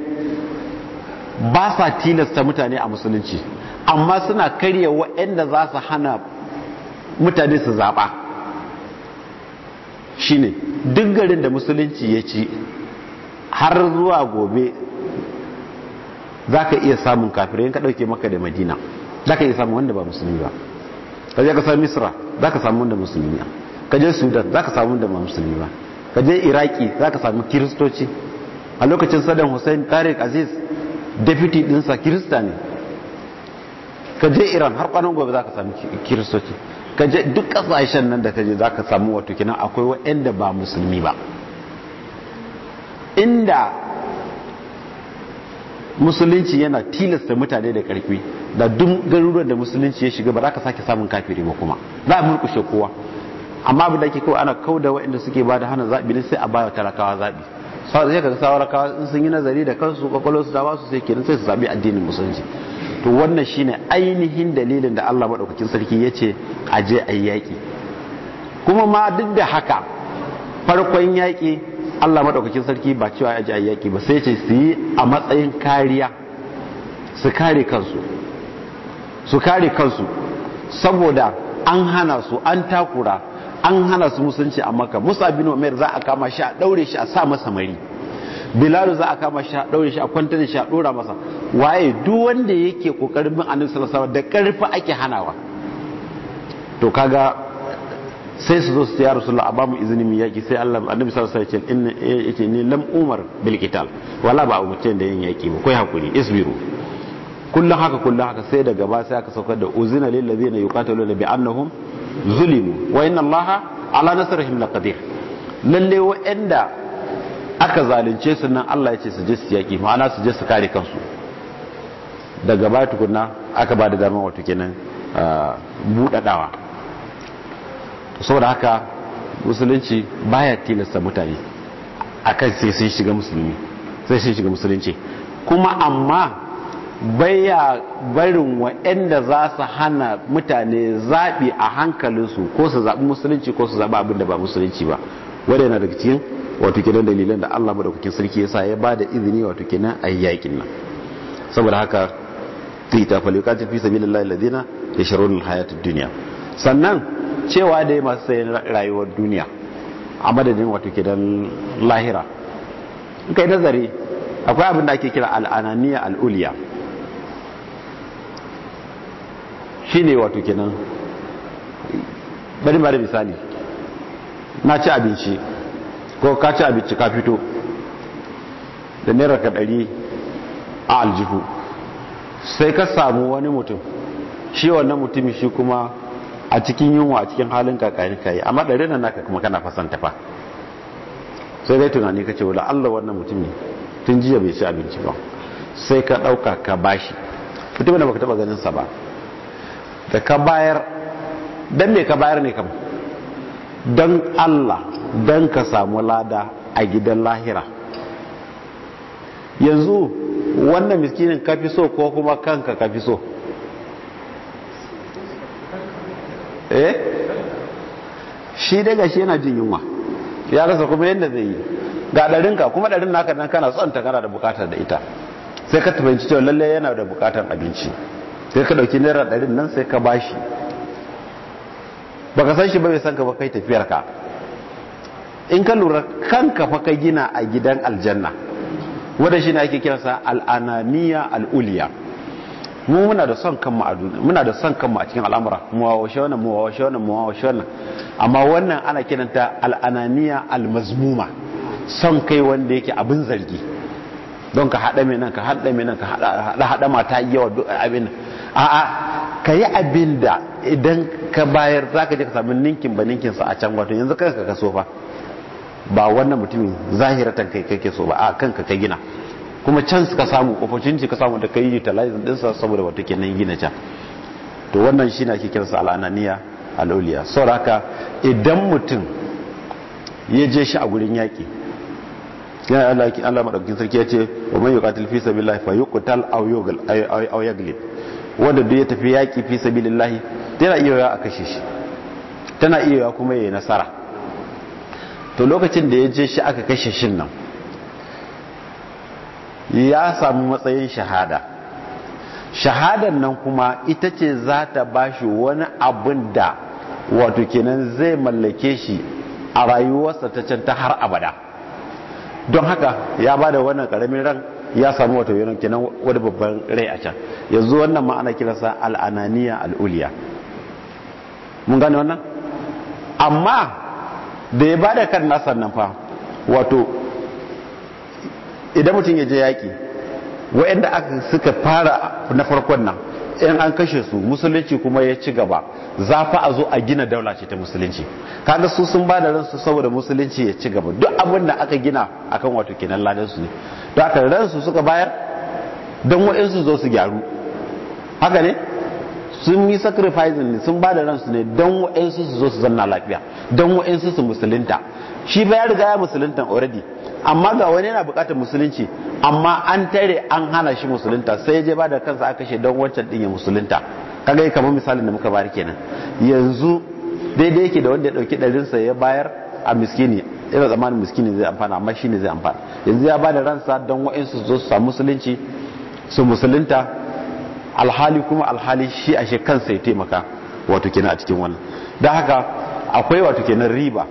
ba sa tilasta mutane a musulunci amma suna karya waɗanda za su hana mutane su zaɓa shine duk garin da musulunci ya ci har zuwa gobe za ka iya samun kafirai ka ɗauke maka da madina za ka iya samun wanda ba musulmi ba ka je ka samu misra za ka samu wanda musulmi ba ka je sudan za ka samu wanda ba musulmi ba ka je iraki za ka samu kiristoci a lokacin sadan hussein tarik aziz deputy dinsa kirista ne ka je iran har kwanan gobe za ka samu kiristoci Kaje duk kasashen nan da kaje je za ka samu wato kina akwai waɗanda ba musulmi ba inda musulunci yana tilasta mutane da ƙarfi da duk garuruwan da musulunci ya shiga ba za ka sake samun kafiri ba kuma za a murkushe kowa amma abin da ke kawai ana kauda waɗanda suke ba da hana zaɓi ne sai a ba talakawa zaɓi sai ka shekaru sawar in sun yi nazari da kansu kwakwalwarsu su dawa su sai kenan sai su zaɓi addinin musulunci to wannan shine ainihin dalilin da Allah madaukakin sarki yace a je a yaƙi kuma ma duk da haka farkon yaƙi Allah madaukakin sarki ba cewa a je ayi yaƙi ba sai ce su yi a matsayin kariya su kare kansu su kare kansu saboda an hana su an takura an hana su musulunci a maka musa bin umar za a kama shi a daure shi a sa masa mari bilalu za a kama shi a ɗaure shi a kwantar da shi a ɗora masa waye duk wanda yake kokarin bin annabi sallallahu alaihi da karfi ake hanawa to kaga sai su zo su ya rasulullah a bamu izini mu yaki sai Allah annabi sallallahu alaihi wasallam yake ni lam umar bil qital wala ba umurce da yin yaki ba kai hakuri isbiru kullum haka kullum haka sai daga ba sai aka saukar da uzina lil ladina yuqataluna bi annahum zulimu wa inna allaha ala nasrihim laqadir lalle wa'anda aka zalunce su nan Allah ya ce su je su yaki ma'ana su je su kare kansu daga baya tukunna aka ba da dama wata kenan buɗaɗawa saboda haka musulunci baya tilasta mutane kan sai sun shiga musulmi sai sun shiga musulunci kuma amma baya barin waɗanda za su hana mutane zaɓi a hankalinsu ko su zaɓi musulunci ko su zaɓi abin ba musulunci ba wadda yana daga cikin wato kenan dalilan da Allah madaukakin sarki yasa ya bada izini wato kenan a yakin nan saboda haka tita falikati fi sabilillahi alladhina yashrun alhayatid dunya sannan cewa dai masu sayan rayuwar duniya a madadin wato kenan lahira in kai nazari akwai abin da ake kira al'ananiya al'uliya shine wato kenan bari bari misali na ci abinci ko ka ci abinci ka fito da naira ka ɗari a aljihu sai ka samu wani mutum shi wannan mutumin shi kuma a cikin yunwa a cikin halin kakari kayi amma ɗari nan naka kuma kana fasanta fa sai dai tunani ka ce wula Allah wannan mutumin tun jiya bai ci abinci ba sai ka ɗauka ka bashi mutumin da baka taɓa ganin sa ba da ka bayar dan me ka bayar ne kamar don Allah don ka samu lada a gidan lahira yanzu wannan miskinin ka fi so ko kuma kanka ka fi so eh shi daga shi yana jin yunwa ya rasa kuma yadda zai yi ga ɗarinka kuma ɗarin naka nan kana son ta kana da bukatar da ita sai ka tabbaci cewa lalle yana da bukatar abinci sai ka ɗauki naira ɗarin nan sai ka bashi baka san shi ba bai san ka ba kai tafiyar ka in ka lura kanka fa ka gina a gidan aljanna wanda shine ake sa al'ananiya al'uliya mu muna da son kanmu a duniya muna da son kanmu a cikin al'amura mu wawashe wannan mu wawashe wannan mu wawashe wannan amma wannan ana kiranta al'ananiya al-mazmuma son kai wanda yake abin zargi don ka haɗa mai nan ka haɗa mai nan ka haɗa hada mata yawa duk abin a'a ka yi abin da idan ka bayar za ka je ka sami ninkin ba ninkinsa a can wato yanzu kanka ka so fa ba wannan mutumin zahiratan kai kake so ba a kanka ka gina kuma can ka samu opportunity ka samu da yi utilizing dinsa saboda wato kenan gina can to wannan shi shine ake kiransa al'ananiya al'uliya da haka idan mutum ya je shi a gurin yaƙi yana Allah Allah madaukakin sarki ya ce wa man yuqatil fi sabilillah fa yuqtal aw yughal aw wanda duk ya tafi yaƙi fi sabilillahi tana iya yawa a kashe shi tana iya yawa kuma yayi nasara to lokacin da ya je shi aka kashe shin nan ya samu matsayin shahada shahadan nan kuma ita ce za ta ba shi wani abin da wato kenan zai mallake shi a rayuwarsa ta can ta har abada don haka ya ba da wannan ƙaramin ran ya samu wata yaron kenan wani babban rai a can yanzu wannan ma'ana kirasa kiransa al'ananiya al'uliya mun gane wannan amma da ya bada kan nasa nan fa wato idan mutum ya je yaƙi waɗanda aka suka fara na farkon nan in an kashe su musulunci kuma ya ci gaba za fa a zo a gina daula ce ta musulunci kaga su sun bada ransu saboda musulunci ya ci gaba duk abin da aka gina akan wato kenan ladansu ne da aka ransu suka bayar don waɗansu zo su gyaru haka ne sun yi sacrificing ne sun ba da ransu ne don waɗansu su zo su zanna lafiya don waɗansu su musulunta shi ba ya riga ya musulunta already amma ga wani yana buƙatar musulunci amma an tare an hana shi musulunta sai ya je ba da kansa aka kashe don wancan din ya musulunta kaga kamar misalin da muka bari kenan yanzu daidai yake da wanda ya ɗauki ɗarinsa ya bayar a miskini ina tsammanin miskini zai amfana amma shi ne zai amfana yanzu ya ba da ransa don wa'insu su samu musulunci su musulunta alhali kuma alhali shi a shi kansa ya taimaka wato kenan a cikin wannan don haka akwai wato kenan riba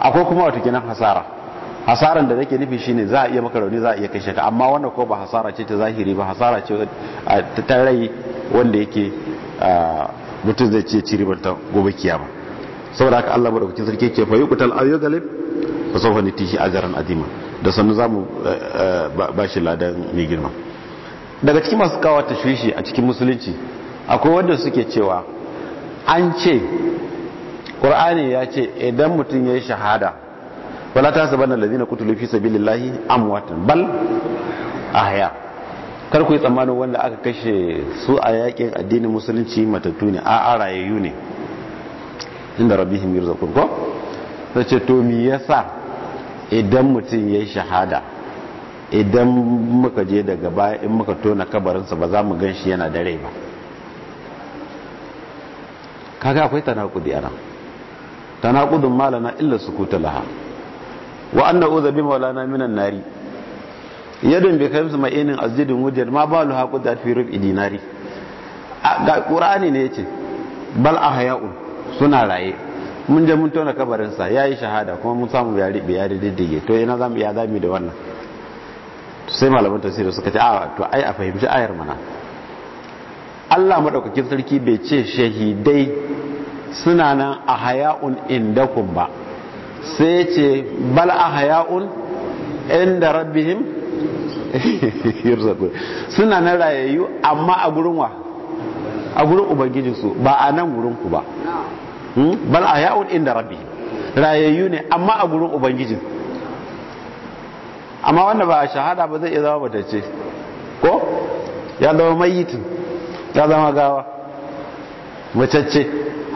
akwai kuma wato kenan hasara hasaran da nake nufi shine za a iya maka rauni za a iya kashe ka amma wannan ko ba hasara ce ta zahiri ba hasara ce ta rai wanda yake mutum zai ce ci ribar ta gobe kiyama saboda haka Allah madaukakin sarki yake fa yuqtal ayyugalib yughlib fa sawfa nitihi ajran adima da sannu zamu eh, eh, bashi ladan mai girma daga cikin masu kawo tashwishi a cikin musulunci akwai wanda suke cewa an ce qur'ani ya ce idan mutum yayi shahada wala tasabanna allazina qutilu fi sabilillahi amwatan bal ahya kar ku yi tsammanin wanda aka kashe su a yakin addinin musulunci matattu ne a'a rayayyu ne inda rabihim yurzaqun ko ce to ya yasa idan mutum yayi shahada idan muka je daga baya in muka tona kabarinsa ba za mu gan shi yana da rai ba kaga akwai tanakudi ana tanakudun malana illa sukuta laha wa anna uza bi maulana minan nari yadun bi kamsu ma'inin azjidin wujen ma balu haqudat fi rub'i dinari ga qur'ani ne yace bal ahya'un suna raye mun je mun tona kabarinsa ya yi shahada kuma mun samu yari diddige to ina zamu ya zami da wannan sai malaman tafsiri suka ce a to ai a fahimci ayar mana Allah madaukakin sarki bai ce shahidai suna nan a haya'un kun ba sai ce bal a haya'un inda rabbihim suna na rayayyu amma a gurin wa a gurin ubangijinsu ba a nan gurin ku ba hmm? bal a ya'un inda rabbi rayayyu ne amma a gurin ubangijin amma wanda ba a shahada ba zai iya zama batacce ko ya zama mayitin ya zama gawa matacce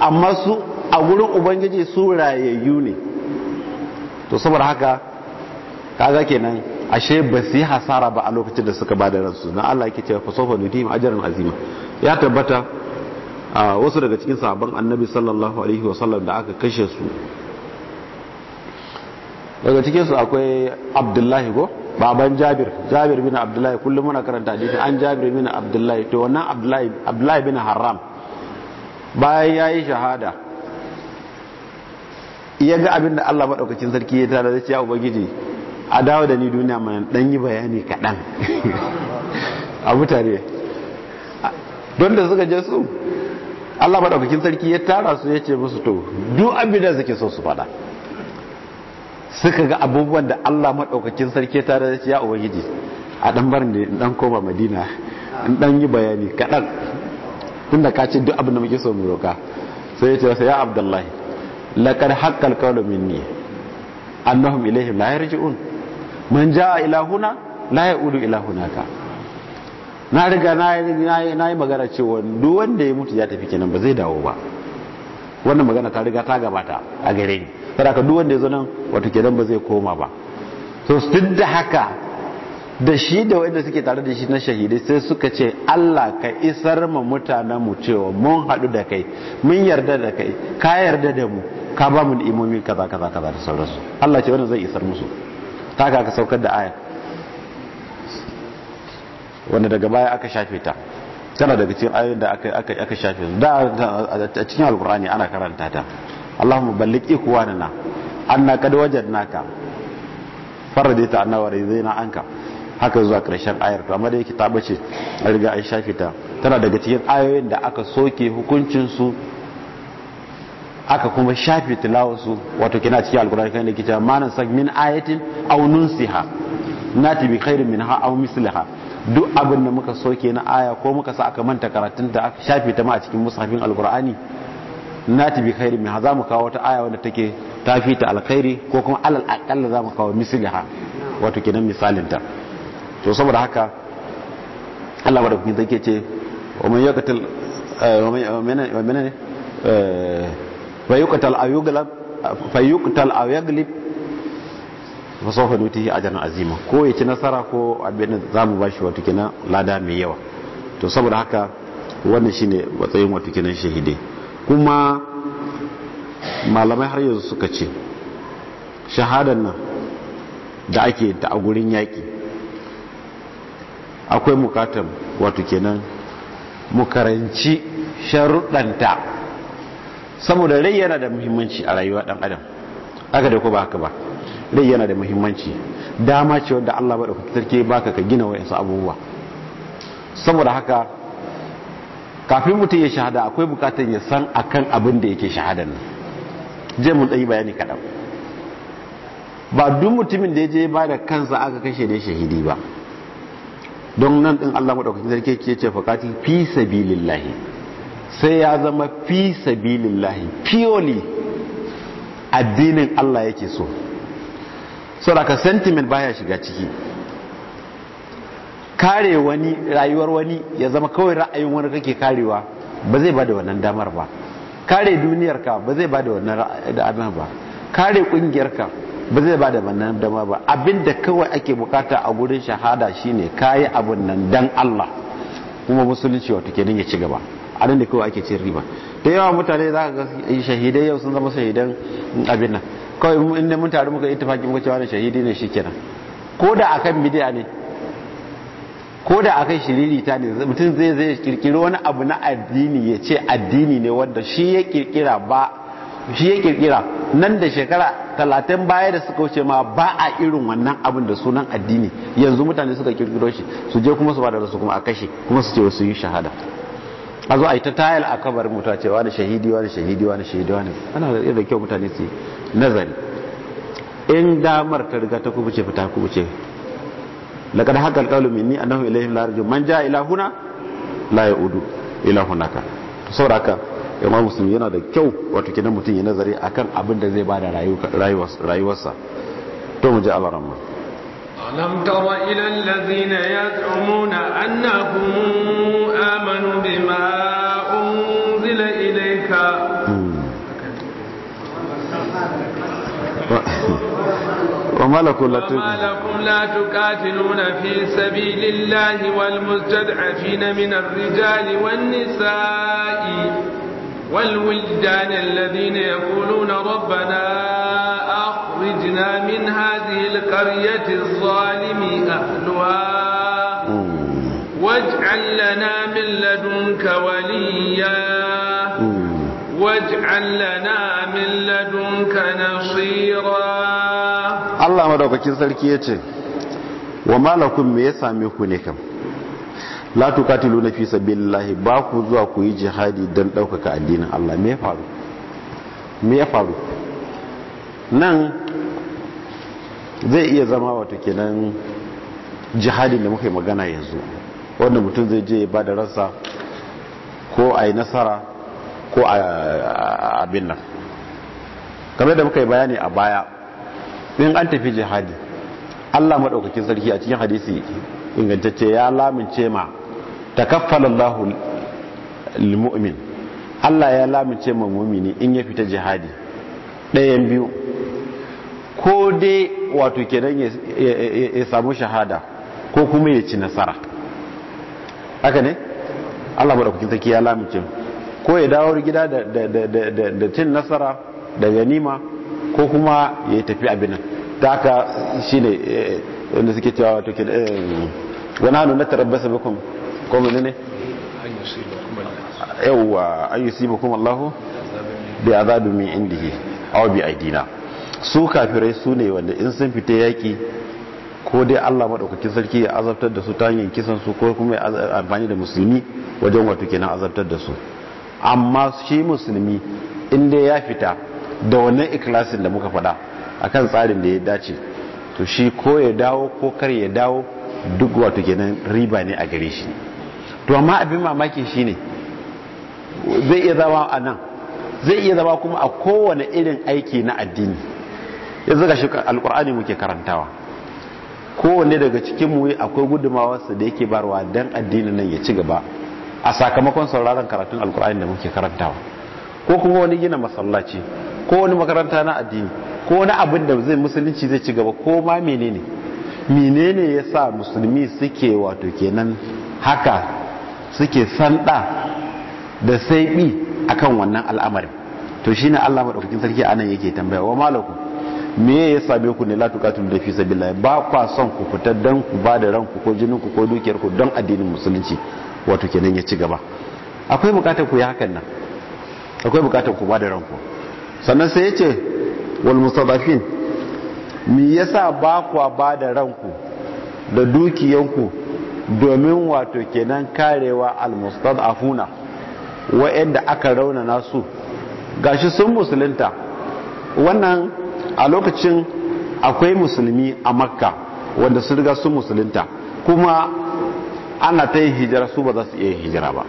amma su a gurin ubangiji su rayayyu ne to saboda haka kaga kenan ashe ba su yi hasara ba a lokacin da suka ba da ransu na Allah yake cewa fa sofa nudim ajran azima ya tabbata a wasu daga cikin sabon annabi sallallahu alaihi wasallam da aka kashe su daga cikinsu akwai abdullahi ko baban jabir jabir bin abdullahi kullum muna karanta hadisi an jabir bin abdullahi to wannan abdullahi abdullahi bin haram bayan ya yi shahada iya ga abin da Allah maɗaukacin sarki ya tara zai ce ubangiji a dawo da ni duniya mai dan yi bayani kaɗan a mutane don da suka je su Allah madaukakin sarki ya tara su ya ce musu to duk abinda da suke so su fada suka ga abubuwan da Allah madaukakin sarki ya tara ya ce ya ubangiji a dan bar da dan koma Madina in dan yi bayani kadan tunda ka ce duk abin da muke so mu roka sai ya ce ya Abdullahi laqad haqqal qawlu minni annahum ilayhim la yarji'un man jaa ila huna la ya'udu ila hunaka na riga na yi magana cewa duk wanda ya mutu ya tafi kenan ba zai dawo ba wannan magana ta riga ta gabata a gare ni saboda duk wanda ya zo nan wato kenan ba zai koma ba to duk da haka da shi da wanda suke tare da shi na shahidi sai suka ce Allah ka isar ma mutanen mu cewa mun hadu da kai mun yarda da kai ka yarda da mu ka ba mu imomi kaza kaza kaza da sauransu Allah ce wannan zai isar musu ta ka saukar da aya wanda daga baya aka shafe ta tana daga cikin ayoyin da aka aka aka shafe su da a cikin alqur'ani ana karanta ta Allahumma ballik ikwanana anna qad wajadnaka faradita anna wa rizina anka haka zuwa karshen ayar to amma da yake ta bace riga an shafe ta tana daga cikin ayoyin da aka soke hukuncin su aka kuma shafe su wato kina cikin alkurani kan ne kita manan sak min ayatin aw nunsiha nati bi khairin minha aw mislaha duk abin da muka soke na aya ko muka sa aka manta karatun da aka shafe ta ma a cikin musafin alkur'ani na ta bi khairi ha za mu kawo ta aya wanda take fi ta alkhairi ko kuma alal akalla za mu kawo ha wato kenan misalin ta to saboda haka Allah madaukakin take ce wa man yaqtal eh, wa man wa man wa eh, yuqtal aw yuglab fa yuqtal aw yaglib fa sawfa a ajran azima ko ya ci nasara ko abin zamu bashi wa kina lada mai yawa to saboda haka wannan shine matsayin wa tukinan shahide kuma malamai har yanzu suka ce shahadan nan da ake ta a gurin yaki akwai mukatan wato kenan mukaranci sharuɗanta saboda rai yana da muhimmanci a rayuwa ɗan adam aka da ku ba haka ba rai yana da muhimmanci dama ce wadda Allah ba da baka ka gina wayansu abubuwa saboda haka kafin mutum ya shahada akwai bukatar ya san akan abin da yake shahada nan je mun dai bayani kaɗan ba duk mutumin da ya je ba da kansa aka kashe ne shahidi ba don nan din Allah madaukakin sarki ke ce fakati fi sabilillahi sai ya zama fi sabilillahi purely addinin Allah yake so saboda sentiment baya shiga ciki kare wani rayuwar wani ya zama kawai ra'ayin wani kake karewa ba zai bada wannan damar ba kare duniyarka ba zai bada wannan damar ba kare kungiyarka ba zai bada wannan damar ba abinda kawai ake bukata a gurin shahada shine kayi abun nan dan Allah kuma musulunci wato kenan ya ci gaba a nan da kawai ake cin riba da yawa mutane za ka ga shahidai yau sun zama shahidan abin nan kawai inda mun taru muka ittifaki muka cewa na shahidi ne shi kenan ko da akan midiya ne ko da a akan shiririta ne mutum zai zai kirkiri wani abu na addini ya ce addini ne wanda shi ya kirkira ba shi ya kirkira nan da shekara talatin baya da suka wuce ma ba a irin wannan abin da sunan addini yanzu mutane suka kirkiro shi su je kuma su ba da su kuma a kashe kuma su ce wasu yi shahada a zo a yi ta tayal a kabarin mutuwa ce wani shahidi wani shahidi wani shahidi wani ana da kyau mutane su yi nazari in damar ta riga ta kubuce fita kubuce laqad haqqal qawlu minni annahu ilayhim la yarju man jaa ila huna la yaudu ila hunaka saboda haka imam muslim yana da kyau wato kidan mutum ya nazari akan abin da zai bada rayuwarsa to mu ji alaramma alam tara ila alladhina yaz'umuna annahum amanu bima وما لكم لا تقاتلون في سبيل الله والمستضعفين من الرجال والنساء والولدان الذين يقولون ربنا أخرجنا من هذه القرية الظالم أهلها واجعل لنا من لدنك وليا واجعل لنا من لدنك نصيرا Allah madaukakin sarki ya ce wa malakun me ya same ku ne kam la tuqatilu na fi sabilillahi ba ku zuwa ku yi jihadi don ɗaukaka addinin Allah me ya faru me ya faru nan zai iya zama wato kenan jihadin da muka yi magana yanzu wanda mutum zai je ba da rasa ko a yi nasara ko a abin nan kamar da muka yi bayani a baya in an tafi jihadi Allah maɗaukakin sarki a cikin hadisi ingantacce ya lamince ma takaffala Allahu lilmu'min Allah ya lamince ma mu'mini in ya fita jihadi ɗayan biyu ko dai wato kenan ya samu shahada ko kuma ya ci nasara haka ne Allah maɗaukakin sarki ya lamince ko ya dawo gida da cin nasara da ganima ko kuma ya tafi abin nan ta haka shine eh, wanda suke cewa wato ke eh, wani hannu na tarabbasa bikum ko mene ne yawwa an yusibu kuma Allahu bi mai inda ke awa bi aidina su kafirai su ne wanda in sun fita yaƙi. ko dai Allah maɗaukakin sarki ya azabtar da su ta hanyar kisan su ko kuma ya amfani da musulmi wajen wato kenan azabtar da su amma shi musulmi in dai ya fita da wannan ikilasin da muka faɗa akan tsarin da ya dace to shi ko ya dawo ko kar ya dawo duk wato kenan riba ne a gare shi to amma abin mamaki shine zai iya zama a nan zai iya zama kuma a kowane irin aiki na addini ya zaga shi alkur'ani muke karantawa kowanne daga cikin mu akwai gudumawarsa da yake barwa dan addinin nan ya ci gaba a sakamakon sauraron karatun alkur'ani da muke karantawa ko kuma wani gina masallaci ko wani makaranta na addini ko wani abin da zai musulunci zai ci gaba ko ma menene menene ya sa musulmi suke wato kenan haka suke sanda da saiɓi akan wannan al'amarin to shine Allah madaukakin sarki anan yake tambaya wa malakum me ya same ku ne la katun da fi sabilillah ba kwa son ku fitar dan ku ba da ranku ko jinin ko dukiyar ku don addinin musulunci wato kenan ya ci gaba akwai bukatar ku ya hakan nan akwai bukatar ku ba da ranku sannan sai ya ce wal mustadafin me yasa ba kuwa ba da ranku da dukiyanku domin wato kenan karewa al mustadafuna aka raunana su gashi sun musulunta wannan a lokacin akwai musulmi a makka wanda sun riga sun musulunta kuma ana ta yin hijira su ba za su iya hijira ba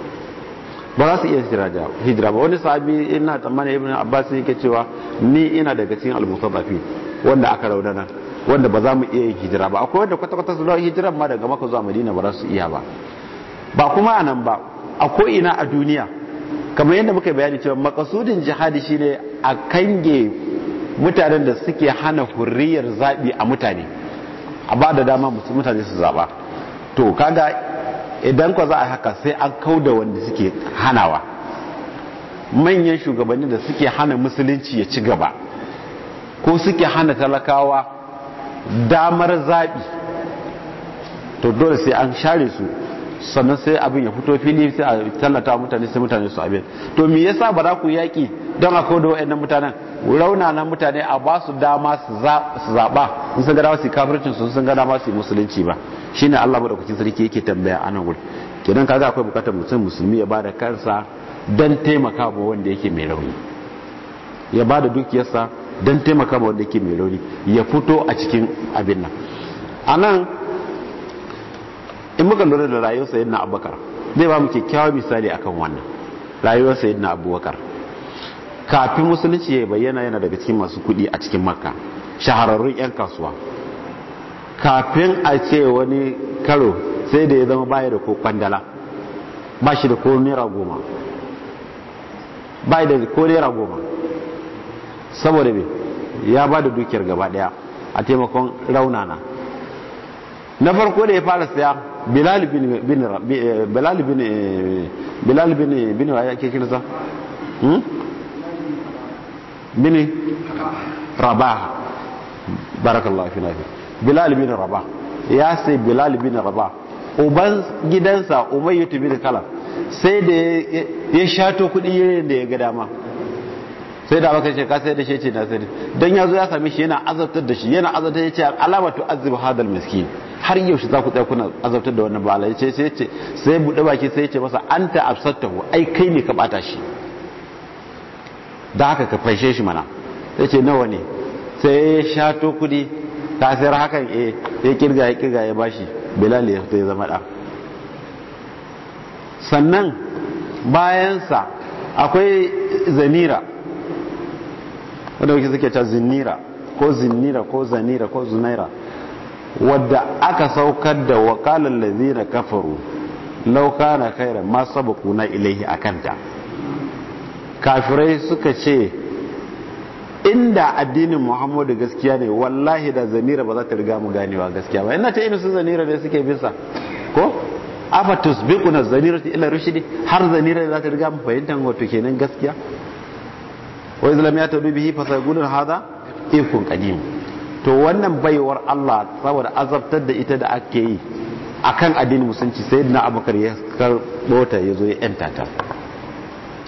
ba za su iya hijira ba wani sahabi ina tsammanin ibn abbas yake cewa ni ina daga cikin almustadafi wanda aka raunana wanda ba za mu iya hijira ba akwai wanda kwata kwata su dawo hijiran ma daga maka zuwa madina ba za su iya ba ba kuma anan ba a ko'ina a duniya kamar yadda muka bayani cewa makasudin jihadi shine a kange mutanen da suke hana hurriyar zaɓi a mutane a ba da dama mutane su zaɓa to kaga idan ko za a haka sai an kau da wanda suke hanawa manyan shugabanni da suke hana musulunci ya ci gaba ko suke hana talakawa damar zaɓi to dole sai an share su sannan sai abin ya fito fili sai a tallata mutane sai mutane su abin to me yasa ba za ku yaƙi don a da wa'annan mutanen raunanan mutane a ba su dama su zaɓa in sun ga dama su kafircin su sun ga dama su musulunci ba shi ne Allah madaukakin sarki yake tambaya a nan gurin kenan kaga akwai bukatar mutum musulmi ya bada kansa don taimaka ma wanda yake mai rauni ya bada dukiyarsa don taimaka ma wanda yake mai rauni ya fito a cikin abin nan a nan in muka lura da rayuwar sayyidina abubakar zai ba mu kyakkyawa misali akan wannan rayuwar sayyidina abubakar kafin musulunci ya bayyana yana daga cikin masu kuɗi a cikin makka shahararrun 'yan kasuwa kafin a ce wani karo sai da ya zama baya da ko kwandala ba shi da ko naira goma baya da ko nera goma saboda bi ya ba da dukiyar gaba daya a taimakon raunana na farko da ya fara saya bilal bin bin eh, bilal bin ya ke kinsa mini raba, barakallahu fi nafi bilal bin raba, ya sai bilal bin raba, uban gidansa umayyatu bin kala, sai da ya shato kudi yayin da ya ga dama sai da abakar ce ka sai da shi ce na sai dan yazo ya same shi yana azabtar da shi yana azabtar yace alamatu azib hadal miskin har yaushe za ku tsaya kuna azabtar da wannan bala yace sai yace sai bude baki sai yace masa anta absattahu ai kai ne ka bata shi da haka ka faishe shi mana ya ce nawa ne sai ya shato kudi ta sayar hakan eh, ya kirga ya kirga ya bashi bilal ya fito ya zama da sannan bayansa akwai zanira wadda wakil suke ta zinira ko zinira ko zanira ko zunaira wadda aka saukar da wakalar lazina kafaru lauka na kairan masu sabakuna ilaihi a kanta kafirai suka ce inda addinin muhammadu gaskiya ne wallahi da zanira ba za ta riga mu ganewa gaskiya ba ina ta inu su zanira ne suke bisa ko afa zanira ta ila rushidi har zanira za ta riga mu fahimtar wato kenan gaskiya wa islam ya tadu bihi fa sayqulun hadha ifkun qadim to wannan baiwar Allah saboda azabtar da ita da ake yi akan addinin musulunci sayyidina abubakar ya karbo ta yazo ya yantata ta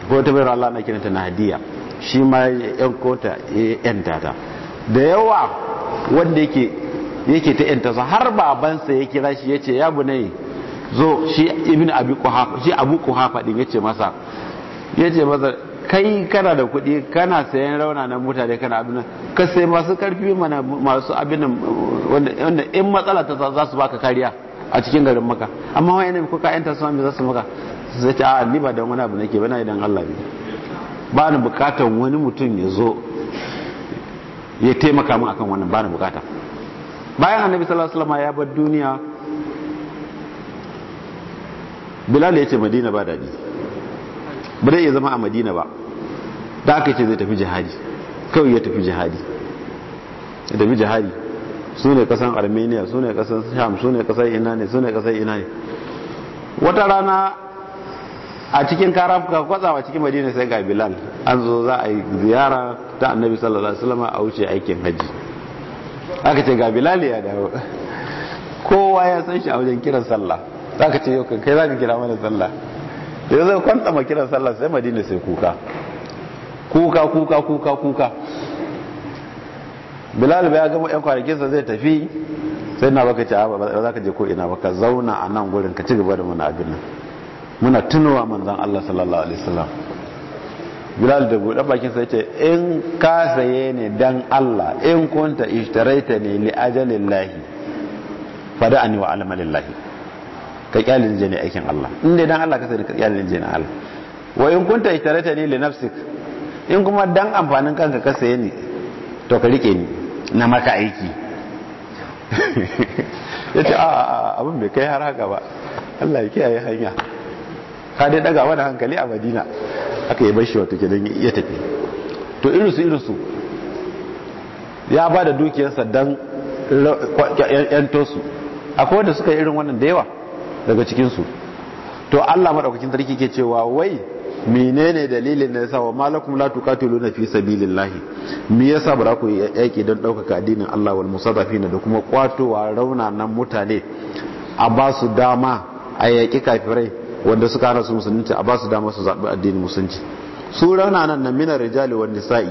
ko ta bayar Allah na kiranta na hadiya shi ma yan kota yan tata da yawa wanda yake yake ta yan tasa har babansa ya kira shi yace ya bunai zo shi ibn abi quhafa shi abu quhafa din yace masa yace masa kai kana da kuɗi kana sayan rauna na mutane kana abin ka sai masu karfi mana masu abin wanda in matsala ta za su baka kariya a cikin garin maka amma wani ne ko ka yanta su za su maka sai ta a ba don wani abu nake bana idan Allah ne ba ni bukatar wani mutum ya zo ya taimaka min akan wannan ba ni bukata bayan annabi sallallahu alaihi wasallam ya bar duniya bilal ya ce madina ba dadi ba zai iya zama a madina ba da aka ce zai tafi jihadi kawai ya tafi jihadi ya tafi jihadi su ne kasan armenia su ne kasan sham su ne kasan ina ne su ne kasan ina ne wata rana a cikin kara ka kwatsawa cikin madina sai ga bilal an zo za a yi ziyara ta annabi sallallahu alaihi wasallam a wuce aikin haji aka ce ga bilal ya dawo kowa ya san shi a wajen kiran sallah aka ce yau kai za ka kira mana sallah da zai kwanta ma kiran sallah sai madina sai kuka kuka kuka kuka kuka bilal bai gama yan kwanakinsa zai tafi sai na baka ce ba za ka je ko ina ba ka zauna a nan gurin ka ci gaba da mana abin nan muna tunowa manzan Allah sallallahu alaihi wasallam bilal da buɗe bakin sai ce in ka saye ne dan Allah in kunta ishtaraita ne li ajalin lahi fada ani wa alamalin lahi ka kyalin jini aikin Allah in dai dan Allah ka sai ka kyalin jini Allah wa in kunta ishtaraita ne li nafsik in kuma dan amfanin kanka ka saye ne to ka rike ni na maka aiki yace a abin bai kai har haka ba Allah ya kiyaye hanya ka dai daga wani hankali a madina aka yi bashi wata kenan ya tafi to irinsu irinsu ya ba da dukiyarsa don yantosu akwai wanda suka yi irin wannan da yawa daga cikinsu to allah maɗaukakin sarki ke cewa wai menene dalilin da yasa wa malakum la tuqatiluna fi sabilillahi me yasa ba ku yaki don ɗaukaka addinin Allah wal musaddafina da kuma kwatowa raunanan mutane a ba su dama a yaki kafirai wanda suka hana su musulunci a ba su dama su zaɓi addinin musulunci su nan na minar rijali wani sa'i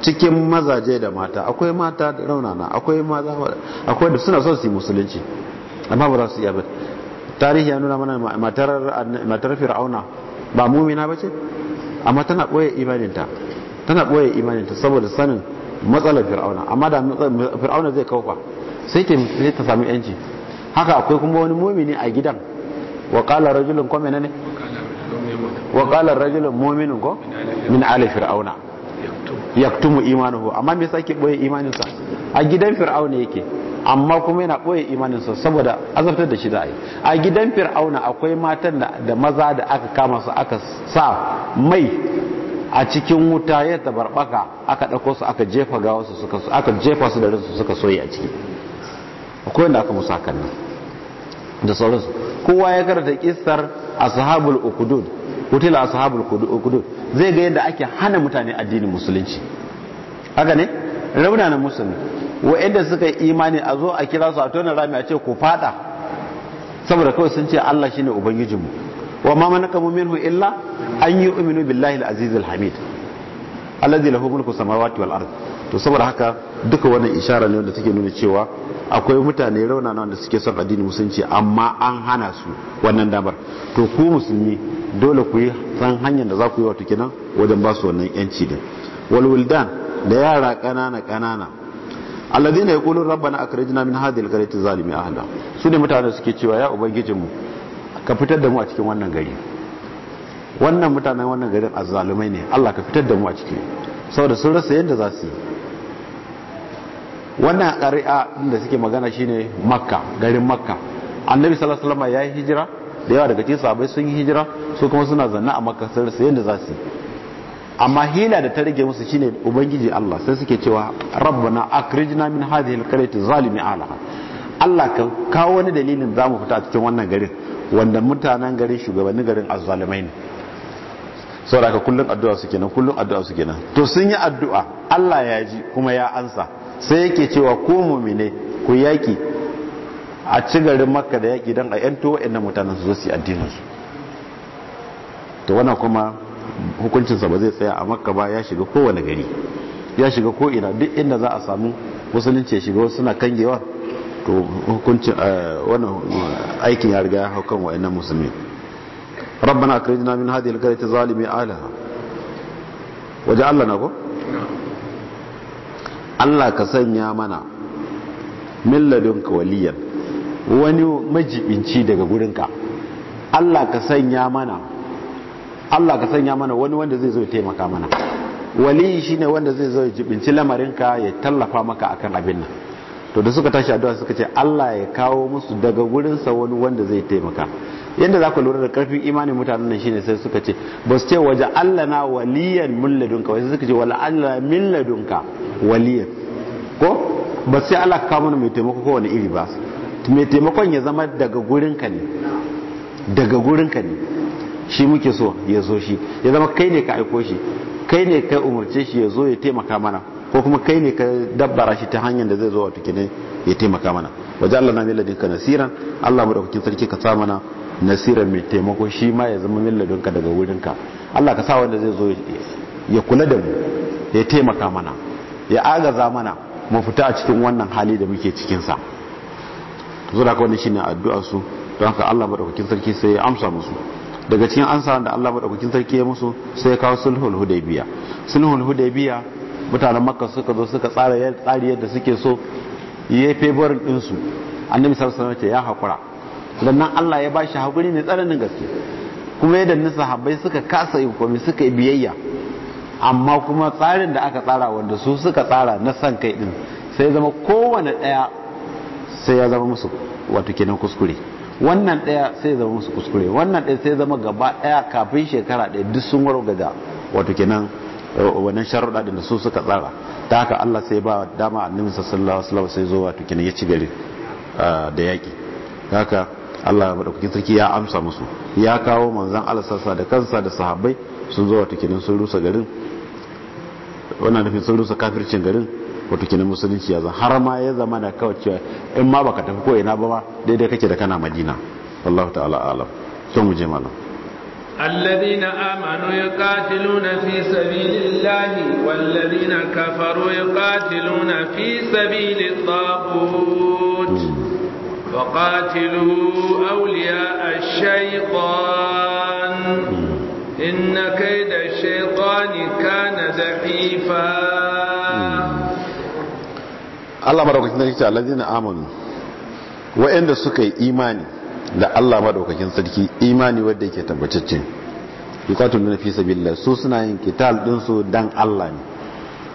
cikin mazaje da mata akwai mata da raunana akwai maza akwai da suna son su yi musulunci amma ba za su iya ba tarihi ya nuna mana matar fir'auna ba mumina ba ce amma tana ɓoye imaninta tana ɓoye imaninta saboda sanin matsalar fir'auna amma da fir'auna zai kaufa sai ta sami yanci haka akwai kuma wani mumini a gidan وقال qala rajulun ko وقال الرجل مؤمن rajulun mu'minun ko min ali fir'auna yaktumu imanuhu amma me yasa yake boye imanin sa a gidan fir'auna yake amma kuma yana boye imanin sa saboda azabtar da shi da ai a gidan fir'auna akwai matan da maza da aka kama su aka mai a cikin wuta ya tabarbaka aka ɗauko su aka jefa ga wasu suka aka jefa su da su suka soyi a ciki akwai wanda aka musa kan nan da sauransu kowa ya karanta kissar ashabul ukhdud kutila ashabul ukhdud zai ga yadda ake hana mutane addinin musulunci haka ne rauna na musulmi wa'anda suka yi imani a zo a kira su a tona rami a ce ku fada saboda kawai sun ce Allah shine ubangijinmu wa ma manaka minhu illa an yu'minu billahi al-aziz hamid alladhi lahu mulku samawati wal ard to saboda haka duka wannan ishara ne wanda take nuna cewa akwai mutane na wanda suke son addinin musulunci amma an hana su wannan damar to ku musulmi dole ku yi san hanyar da za ku yi wato kenan wajen ba su wannan yanci din wal wildan da yara kanana kanana alladhina yaqulu rabbana akhrijna min hadhihi al-qaryati zalimi ahla su ne mutanen suke cewa ya ubangijinmu ka fitar da mu a cikin wannan gari wannan mutanen wannan garin azzalumai ne Allah ka fitar da mu a ciki saboda sun rasa yadda za su yi wannan ƙari'a da suke magana shine makka garin makka annabi sallallahu alaihi wasallam ya yi hijira da yawa daga cikin sahabbai sun yi hijira su kuma suna zanna a makka sun rasa yadda za su yi amma hila da ta rage musu shine ubangiji Allah sai suke cewa rabbana akrijna min hadhihi alqaryati zalimi alaha Allah ka kawo wani dalilin zamu fita a cikin wannan garin wanda mutanen garin shugabannin garin azzalumai ne saboda ka kullum addu'a suke nan kullum addu'a suke nan to sun yi addu'a Allah ya ji kuma ya ansa sai yake cewa ku mu'mine ku yaki a ci garin makka da yaki don a yanto wa'annan mutanen su zo su addinin su to wannan kuma hukuncin sa ba zai tsaya a makka ba ya shiga kowane gari ya shiga ko ina duk inda za a samu musulunci ya shiga suna kangewa to hukuncin eh, wannan aikin ya riga ya hau kan wa'annan musulmi ربنا أخرجنا من هذه القرية ظالم أهلها وجعل لنا كو Allah ka sanya mana min ladunka waliyan wani majibinci daga gurinka Allah ka sanya mana Allah ka sanya mana wani wanda zai zo taimaka mana wali shine wanda zai zo jibinci lamarinka ya tallafa maka akan abin nan to da suka tashi addu'a suka ce Allah ya kawo musu daga gurinsa wani wanda zai taimaka yadda za ku lura da karfin imanin mutanen nan shine sai suka ce ba su ce waje Allah na waliyan min ladunka wai suka ce wala Allah min waliyan ko ba sai Allah ka kawo mai taimako ko wani iri ba mai taimakon ya zama daga gurin ka ne daga gurin ka ne shi muke so ya zo shi ya zama kai ne ka aiko shi kai ne ka umarce shi ya zo ya taimaka mana ko kuma kai ne ka dabbara shi ta hanyar da zai zo wa tukinai ya taimaka mana waje Allah na min nasiran Allah mu hukuncin sarki ka sa mana nasirar mai taimako shi ma ya zama ladunka daga wurinka Allah ka sa wanda zai zo ya kula da mu ya taimaka mana ya agaza mana mu fita a cikin wannan hali da muke cikinsa zo da kawai shine addu'ar su don haka Allah madaukakin sarki sai ya amsa musu daga cikin ansa da Allah madaukakin sarki ya musu sai ya kawo sulhul hudaybiya sulhul hudaybiya mutanen makka suka zo suka tsara yadda suke so yayi favorin din su annabi sallallahu alaihi wasallam ya hakura sannan Allah ya bashi haƙuri mai tsananin gaske kuma yadda ni sahabbai suka kasa yi komai suka yi biyayya amma kuma tsarin da aka tsara wanda su suka tsara na san kai din sai zama kowane ɗaya sai ya zama musu wato kenan kuskure wannan ɗaya sai zama musu kuskure wannan ɗaya sai zama gaba ɗaya kafin shekara ɗaya duk sun wargaza wato kenan eh, wannan sharuɗa da su suka tsara ta haka Allah sai ba dama annabi sallallahu alaihi wasallam sai zo wato kenan ya ci gari ah, da yaki haka Allah madaukakin sarki ya amsa musu ya kawo manzan Allah sassa da kansa da sahabbai sun zo wato sun rusa garin wannan nufin sun rusa kafircin garin wato musulunci ya zama har ma ya zama da kawai cewa in ma baka tafi ko ina ba ma daidai kake da kana Madina Allah ta'ala alam sun mu je malam الذين آمنوا يقاتلون في سبيل الله والذين كفروا يقاتلون في سبيل الطاغوت وقاتلوا أولياء الشيطان إن كيد الشيطان كان ضعيفا Allah madaukakin sarki ce allazina amanu wa'anda suka yi imani da Allah madaukakin sarki imani wanda yake tabbatacce yuqatiluna fi sabilillah su suna yin kital din su dan Allah ne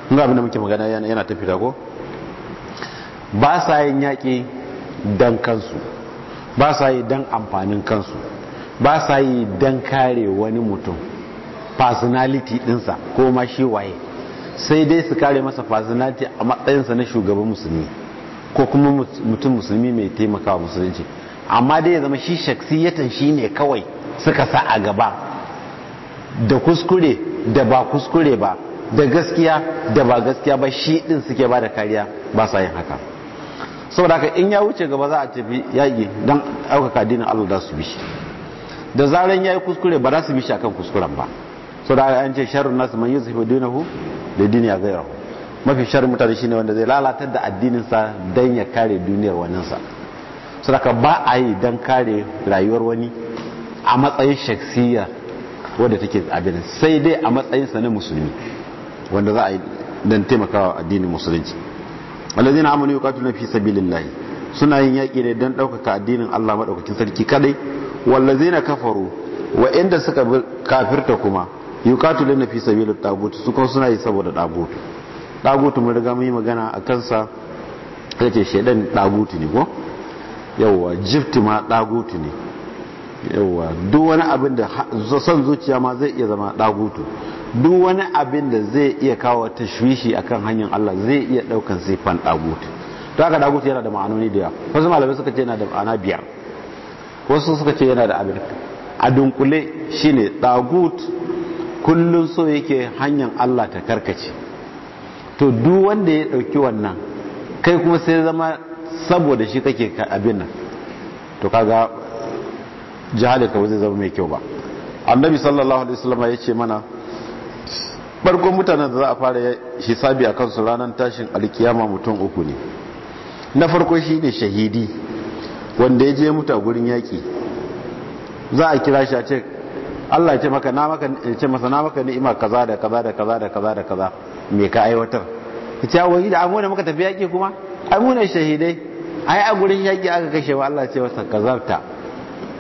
kuma abin da muke magana yana tafi ko ba sa yin yaki Dan kansu ba sa yi dan amfanin kansu ba sa yi dan kare wani mutum personality dinsa ko ma shi waye sai dai su kare masa personality a matsayinsa na shugaban musulmi ko kuma mutum musulmi mai taimakawa musulunci amma dai ya zama shi shaksiyatan shi ne kawai suka sa a gaba da kuskure da ba kuskure ba da gaskiya da ba gaskiya ba shi din suke ba da kariya ba sa yin haka saboda ka in ya wuce gaba za a tafi yaƙi don aukaka addinin Allah za su bi da zaran ya yi kuskure ba za su bi shi akan kuskuren ba saboda haka an ce sharrun nasu man yusufu dinahu da dini a rahu mafi sharrin mutane shine wanda zai lalatar da addininsa don ya kare duniyar waninsa saboda ba a yi don kare rayuwar wani a matsayin shaksiya wadda take abin sai dai a matsayinsa na musulmi wanda za a yi don taimakawa addinin musulunci alladhina amanu yuqatiluna fi sabilillahi suna yin yaki ne dan daukaka addinin Allah madaukakin sarki kadai wallazina kafaru wa inda suka kafirta kuma yuqatiluna fi sabilit tagut su kuma suna yi saboda tagut tagut mun riga mun yi magana a kansa kace shedan tagut ne ko yawwa jifti ma tagut ne yawwa duk wani abin da son zuciya ma zai iya zama tagutu duk wani abin da zai iya kawo tashwishi akan hanyar Allah zai iya daukan sifan dagut to haka dagut yana da ma'anoni da yawa wasu malamai suka ce yana da ma'ana biyar wasu suka ce yana da abin a dunkule shine dagut kullun so yake hanyar Allah ta karkace to duk wanda ya ɗauki wannan kai kuma sai zama saboda shi kake abin nan to kaga jihadin ka zai zama mai kyau ba annabi sallallahu alaihi wasallam ya ce mana barkon mutanen da za a fara hisabi a kansu ranar tashin alkiyama mutum uku ne na farko shi ne shahidi wanda ya je muta gurin yaƙi za a kira shi a ce Allah ya ce masa na maka ni'ima kaza da kaza da kaza da kaza da kaza me ka aiwatar ya ce awon yi da amuna maka tafi yaƙi kuma amuna shahidai ai a gurin yaƙi aka kashe wa Allah ce masa kazarta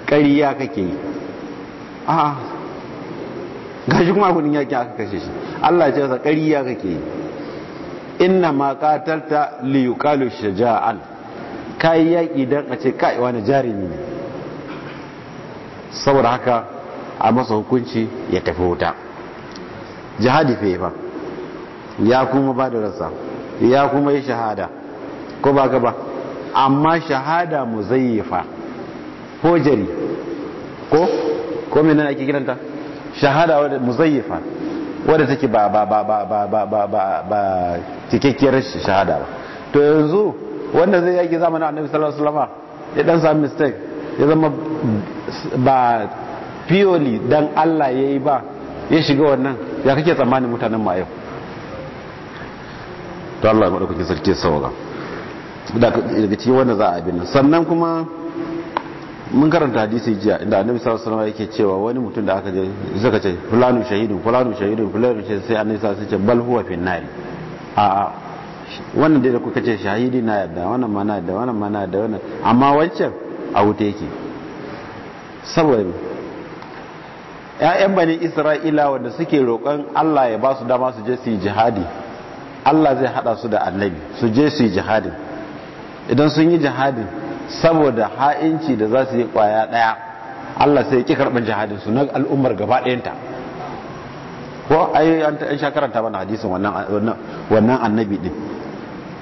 ƙariya kake yi a gashi kuma gurin yaƙi aka kashe shi Allah ce masa ƙariya kake yi inna ma qatalta li yuqalu shaja'an kai yaki dan a ce kai wani jarimi ne saboda haka a masa hukunci ya tafi wuta jihadi fa ba ya kuma ba da rasa ya kuma yi shahada ko ba ka ba amma shahada muzayyifa ko jari ko ko menene ake kiranta shahada wadda muzayyifa wadda take ba ba ba ba ba ba ba ba ba cikakkiyar shahada ba to yanzu wanda zai yaki zamanin annabi sallallahu alaihi wasallam ya dan samu mistake ya zama ba purely dan Allah yayi ba ya shiga wannan ya kake tsammanin mutanen ma yau to Allah ya madaukakin sarki sauka da daga cikin wanda za a bin sannan kuma mun karanta hadisi jiya inda annabi sallallahu alaihi wasallam yake cewa wani mutum da aka je zaka ce fulanu shahidun fulanu shahidun fulanu ce sai annabi sallallahu alaihi wasallam bal huwa fin nari a wannan dai da kuka ce shahidi na yadda wannan ma na yadda wannan ma na yadda wannan amma wancan a wuta yake saboda ƴaƴan bani isra'ila wanda suke roƙon Allah ya ba su dama su je su yi jihadi Allah zai hada su da annabi su je su yi jihadin idan sun yi jihadin saboda ha'inci da za su yi kwaya daya Allah sai ki karban jihadin su na al'ummar gaba ɗayanta ko ai an ta sha karanta mana hadisin wannan wannan annabi din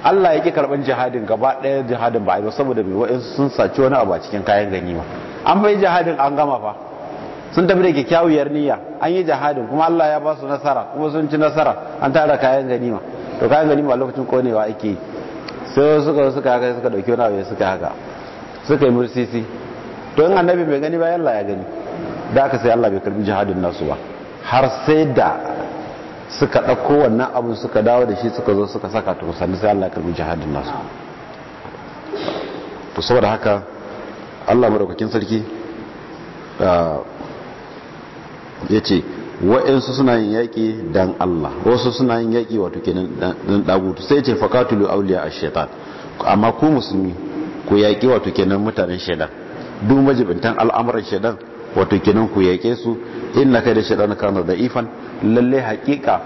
Allah ya ki karban jihadin gaba ɗaya jihadin ba ai ba saboda bai wa'in sun saci wani abu a cikin kayan ganima an bai jihadin an gama fa sun tafi da kyakkyawar niyya an yi jihadin kuma Allah ya ba su nasara kuma sun ci nasara an tara kayan ganima to kayan ganima lokacin konewa ake sai suka suka haka suka dauki wani abu suka haka suka yi mursisi to in annabi bai gani ba laya gani da aka sai Allah bai karbi jihadin nasu ba har sai da suka ɗauko wannan abin suka dawo da shi suka zo suka saka ta sannan sai Allah karbi jihadin nasu to saboda haka Allah madaukakin sarki ah, ya ce wa'insu suna yin yaƙi don Allah wasu suna yin yaƙi wato ke nan ɗagutu sai ce fakatulu auliya a shaytan amma ku musulmi ku yaƙi wato kenan mutanen shaidan duk majibintan al'amuran shaidan wato kenan ku yaƙe su na kai da shaidan kana da ifan lalle haƙiƙa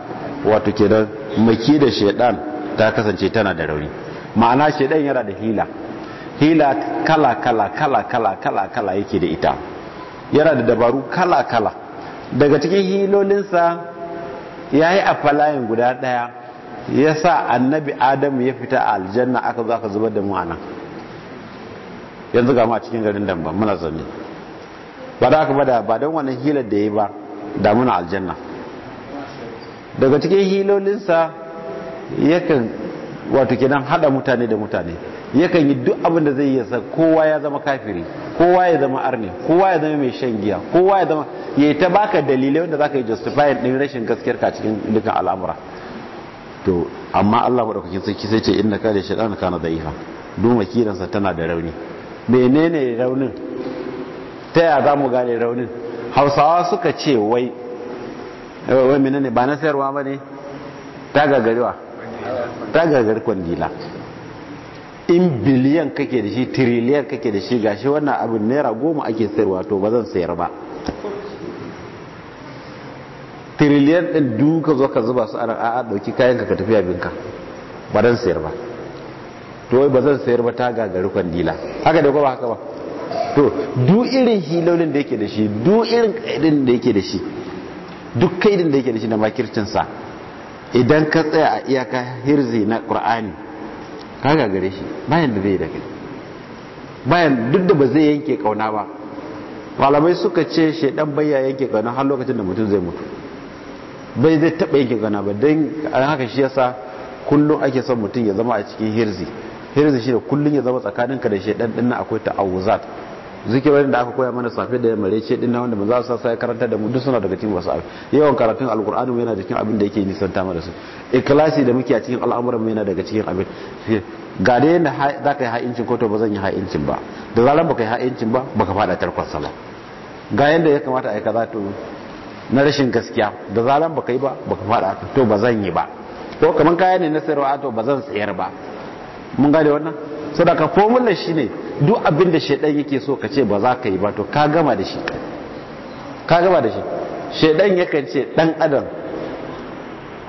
wato kenan maki da shaidan ta kasance tana da rauni ma'ana shaidan yana da hila hila kala kala kala kala kala kala yake da ita yana da dabaru kala kala daga cikin hilolinsa ya yi falayin guda ɗaya ya sa annabi adamu ya fita a aljanna aka zo aka zubar da mu a nan yanzu ga ma cikin garin damban muna zane ba da aka bada ba don wannan hilar da ya ba da muna aljanna daga cikin hilolinsa yakan wato kenan hada mutane da mutane yakan yi duk abin da zai yi kowa ya zama kafiri kowa ya zama arni kowa ya zama mai shan giya kowa ya zama ya yi ta baka dalilai wanda za ka yi justify din rashin gaskiyar ka cikin dukkan al'amura to amma Allah madaukakin sarki sai ce innaka la shaytan kana da'ifa duma kiransa tana da rauni menene raunin ta yaya za mu gane raunin hausawa suka ce wai wai menene ba na sayarwa ba ne ta gagarewa ta gagar kwandila in biliyan kake da shi triliyar kake da shi gashi wannan abin naira goma ake sayarwa to ba zan sayar ba triliyar ɗin duka zo ka zuba su a ɗauki kayanka ka tafi abinka ba don sayar ba to wai ba zan sayar ba ta gagari dila, haka da ba haka ba to duk irin hilolin da yake da shi duk irin kaidin da yake da shi duk kaidin da yake da shi na sa idan ka tsaya a iyaka hirzi na qur'ani ka gare shi bayan da zai da kai bayan duk da ba zai yanke kauna ba malamai suka ce shedan bayya yanke kauna har lokacin da mutum zai mutu bai zai taba yanke kauna ba dan haka shi yasa kullum ake son mutum ya zama a cikin hirzi hirin shi da kullum ya zama tsakaninka da shi din nan akwai ta'awuzat zikirorin da aka koya mana safe da yamma rece din nan wanda su sa sai karanta da mu duk suna daga cikin wasu yawan karatun alqur'ani yana cikin abin da yake nisanta mana su ikhlasi da muke a cikin al'amuran mu yana daga cikin abin ga dai yanda za ka yi ha'incin ko to ba zan yi ha'incin ba da zaran baka yi ha'incin ba baka fada tarkon sallah ga yanda ya kamata ai kaza to na rashin gaskiya da zaran baka yi ba baka fada to ba zan yi ba ko kaman kaya ne na sayarwa to ba zan tsayar ba mun gane wannan sadaka formula shine duk abin da shedan yake so ka ce ba za ka yi ba to ka gama da shi ka gama da shi shedan yakan ce dan adam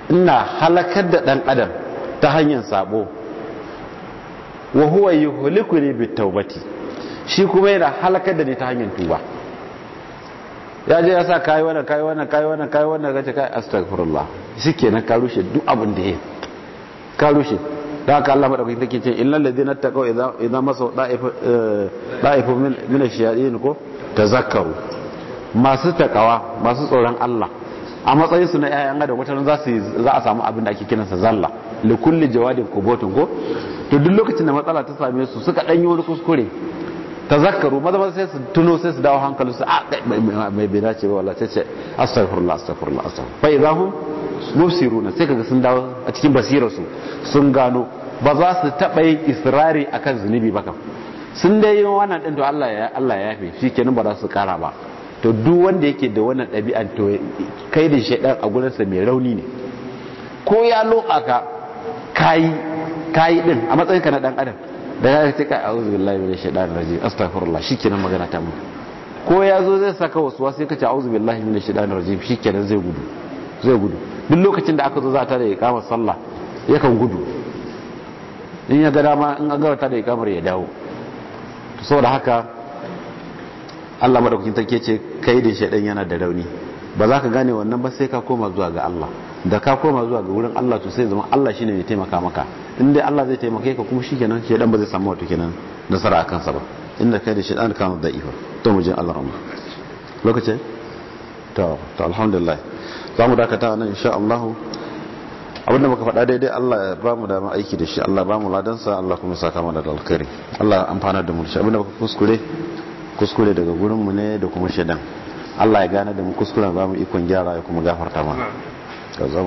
ina halakar da dan adam ta hanyar sabo wa huwa yuhlikuni bi tawbati shi kuma yana halakar da ni ta hanyar tuba ya je ya sa kayi wannan kayi wannan kayi wannan kayi wannan ce kai astagfirullah shikenan ka rushe duk abin da yake ka rushe da haka Allah madaukakin take ce illal ladina taqaw idza idza masaw eh, da'ifu min ash-shayatin ko tazakkaru masu takawa masu tsoron Allah a matsayin su na ƴaƴan adam wata za su za a samu abin da ake kiransa zalla li kulli jawadin kubutun ko to duk lokacin da matsala ta same su suka danyi wani kuskure tazakkaru maza maza sai su tuno sai su dawo hankalin su a ah, mai bai dace ba wallahi tace astaghfirullah astaghfirullah astaghfirullah fa idahum mubsiruna sai kaga sun dawo a cikin basirar su sun gano ba za su taɓa yin israri a kan zunubi ba kam sun dai yi wannan ɗin to Allah ya Allah ya yafe shikenan ba za su kara ba to duk wanda yake da wannan ɗabi'an to kai da shaidan a gurinsa mai rauni ne ko ya loka ka kayi kayi din a matsayin ka na dan adam da ya ce kai a'udhu billahi minash shaitanir rajim astaghfirullah shikenan magana ta mu ko ya zo zai saka wasu wasu kace a'udhu billahi minash shaitanir rajim shikenan zai gudu zai gudu duk lokacin da aka zo za ta da kama sallah yakan gudu in ya ga dama in an gawata da ikamar ya dawo saboda haka Allah madaukakin take ce kai da shaidan yana da rauni ba za ka gane wannan ba sai ka koma zuwa ga Allah da ka koma zuwa ga wurin Allah to sai zama Allah shine mai taimaka maka in dai Allah zai taimake ka kuma shikenan shaidan ba zai samu wato kenan nasara a kansa ba inda kai da shaidan kana ifa to mu je Allah rahma lokacin to to alhamdulillah za mu dakata nan insha Allah abinda muka faɗa daidai Allah ya ba mu dama aiki da shi Allah ba mu ladansa Allah kuma saka mana da alkhairi Allah amfana da mu shi abinda muka kuskure kuskure daga gurin mu ne da kuma shedan Allah ya gane da mu kuskuren ba mu ikon gyara ya kuma gafarta mana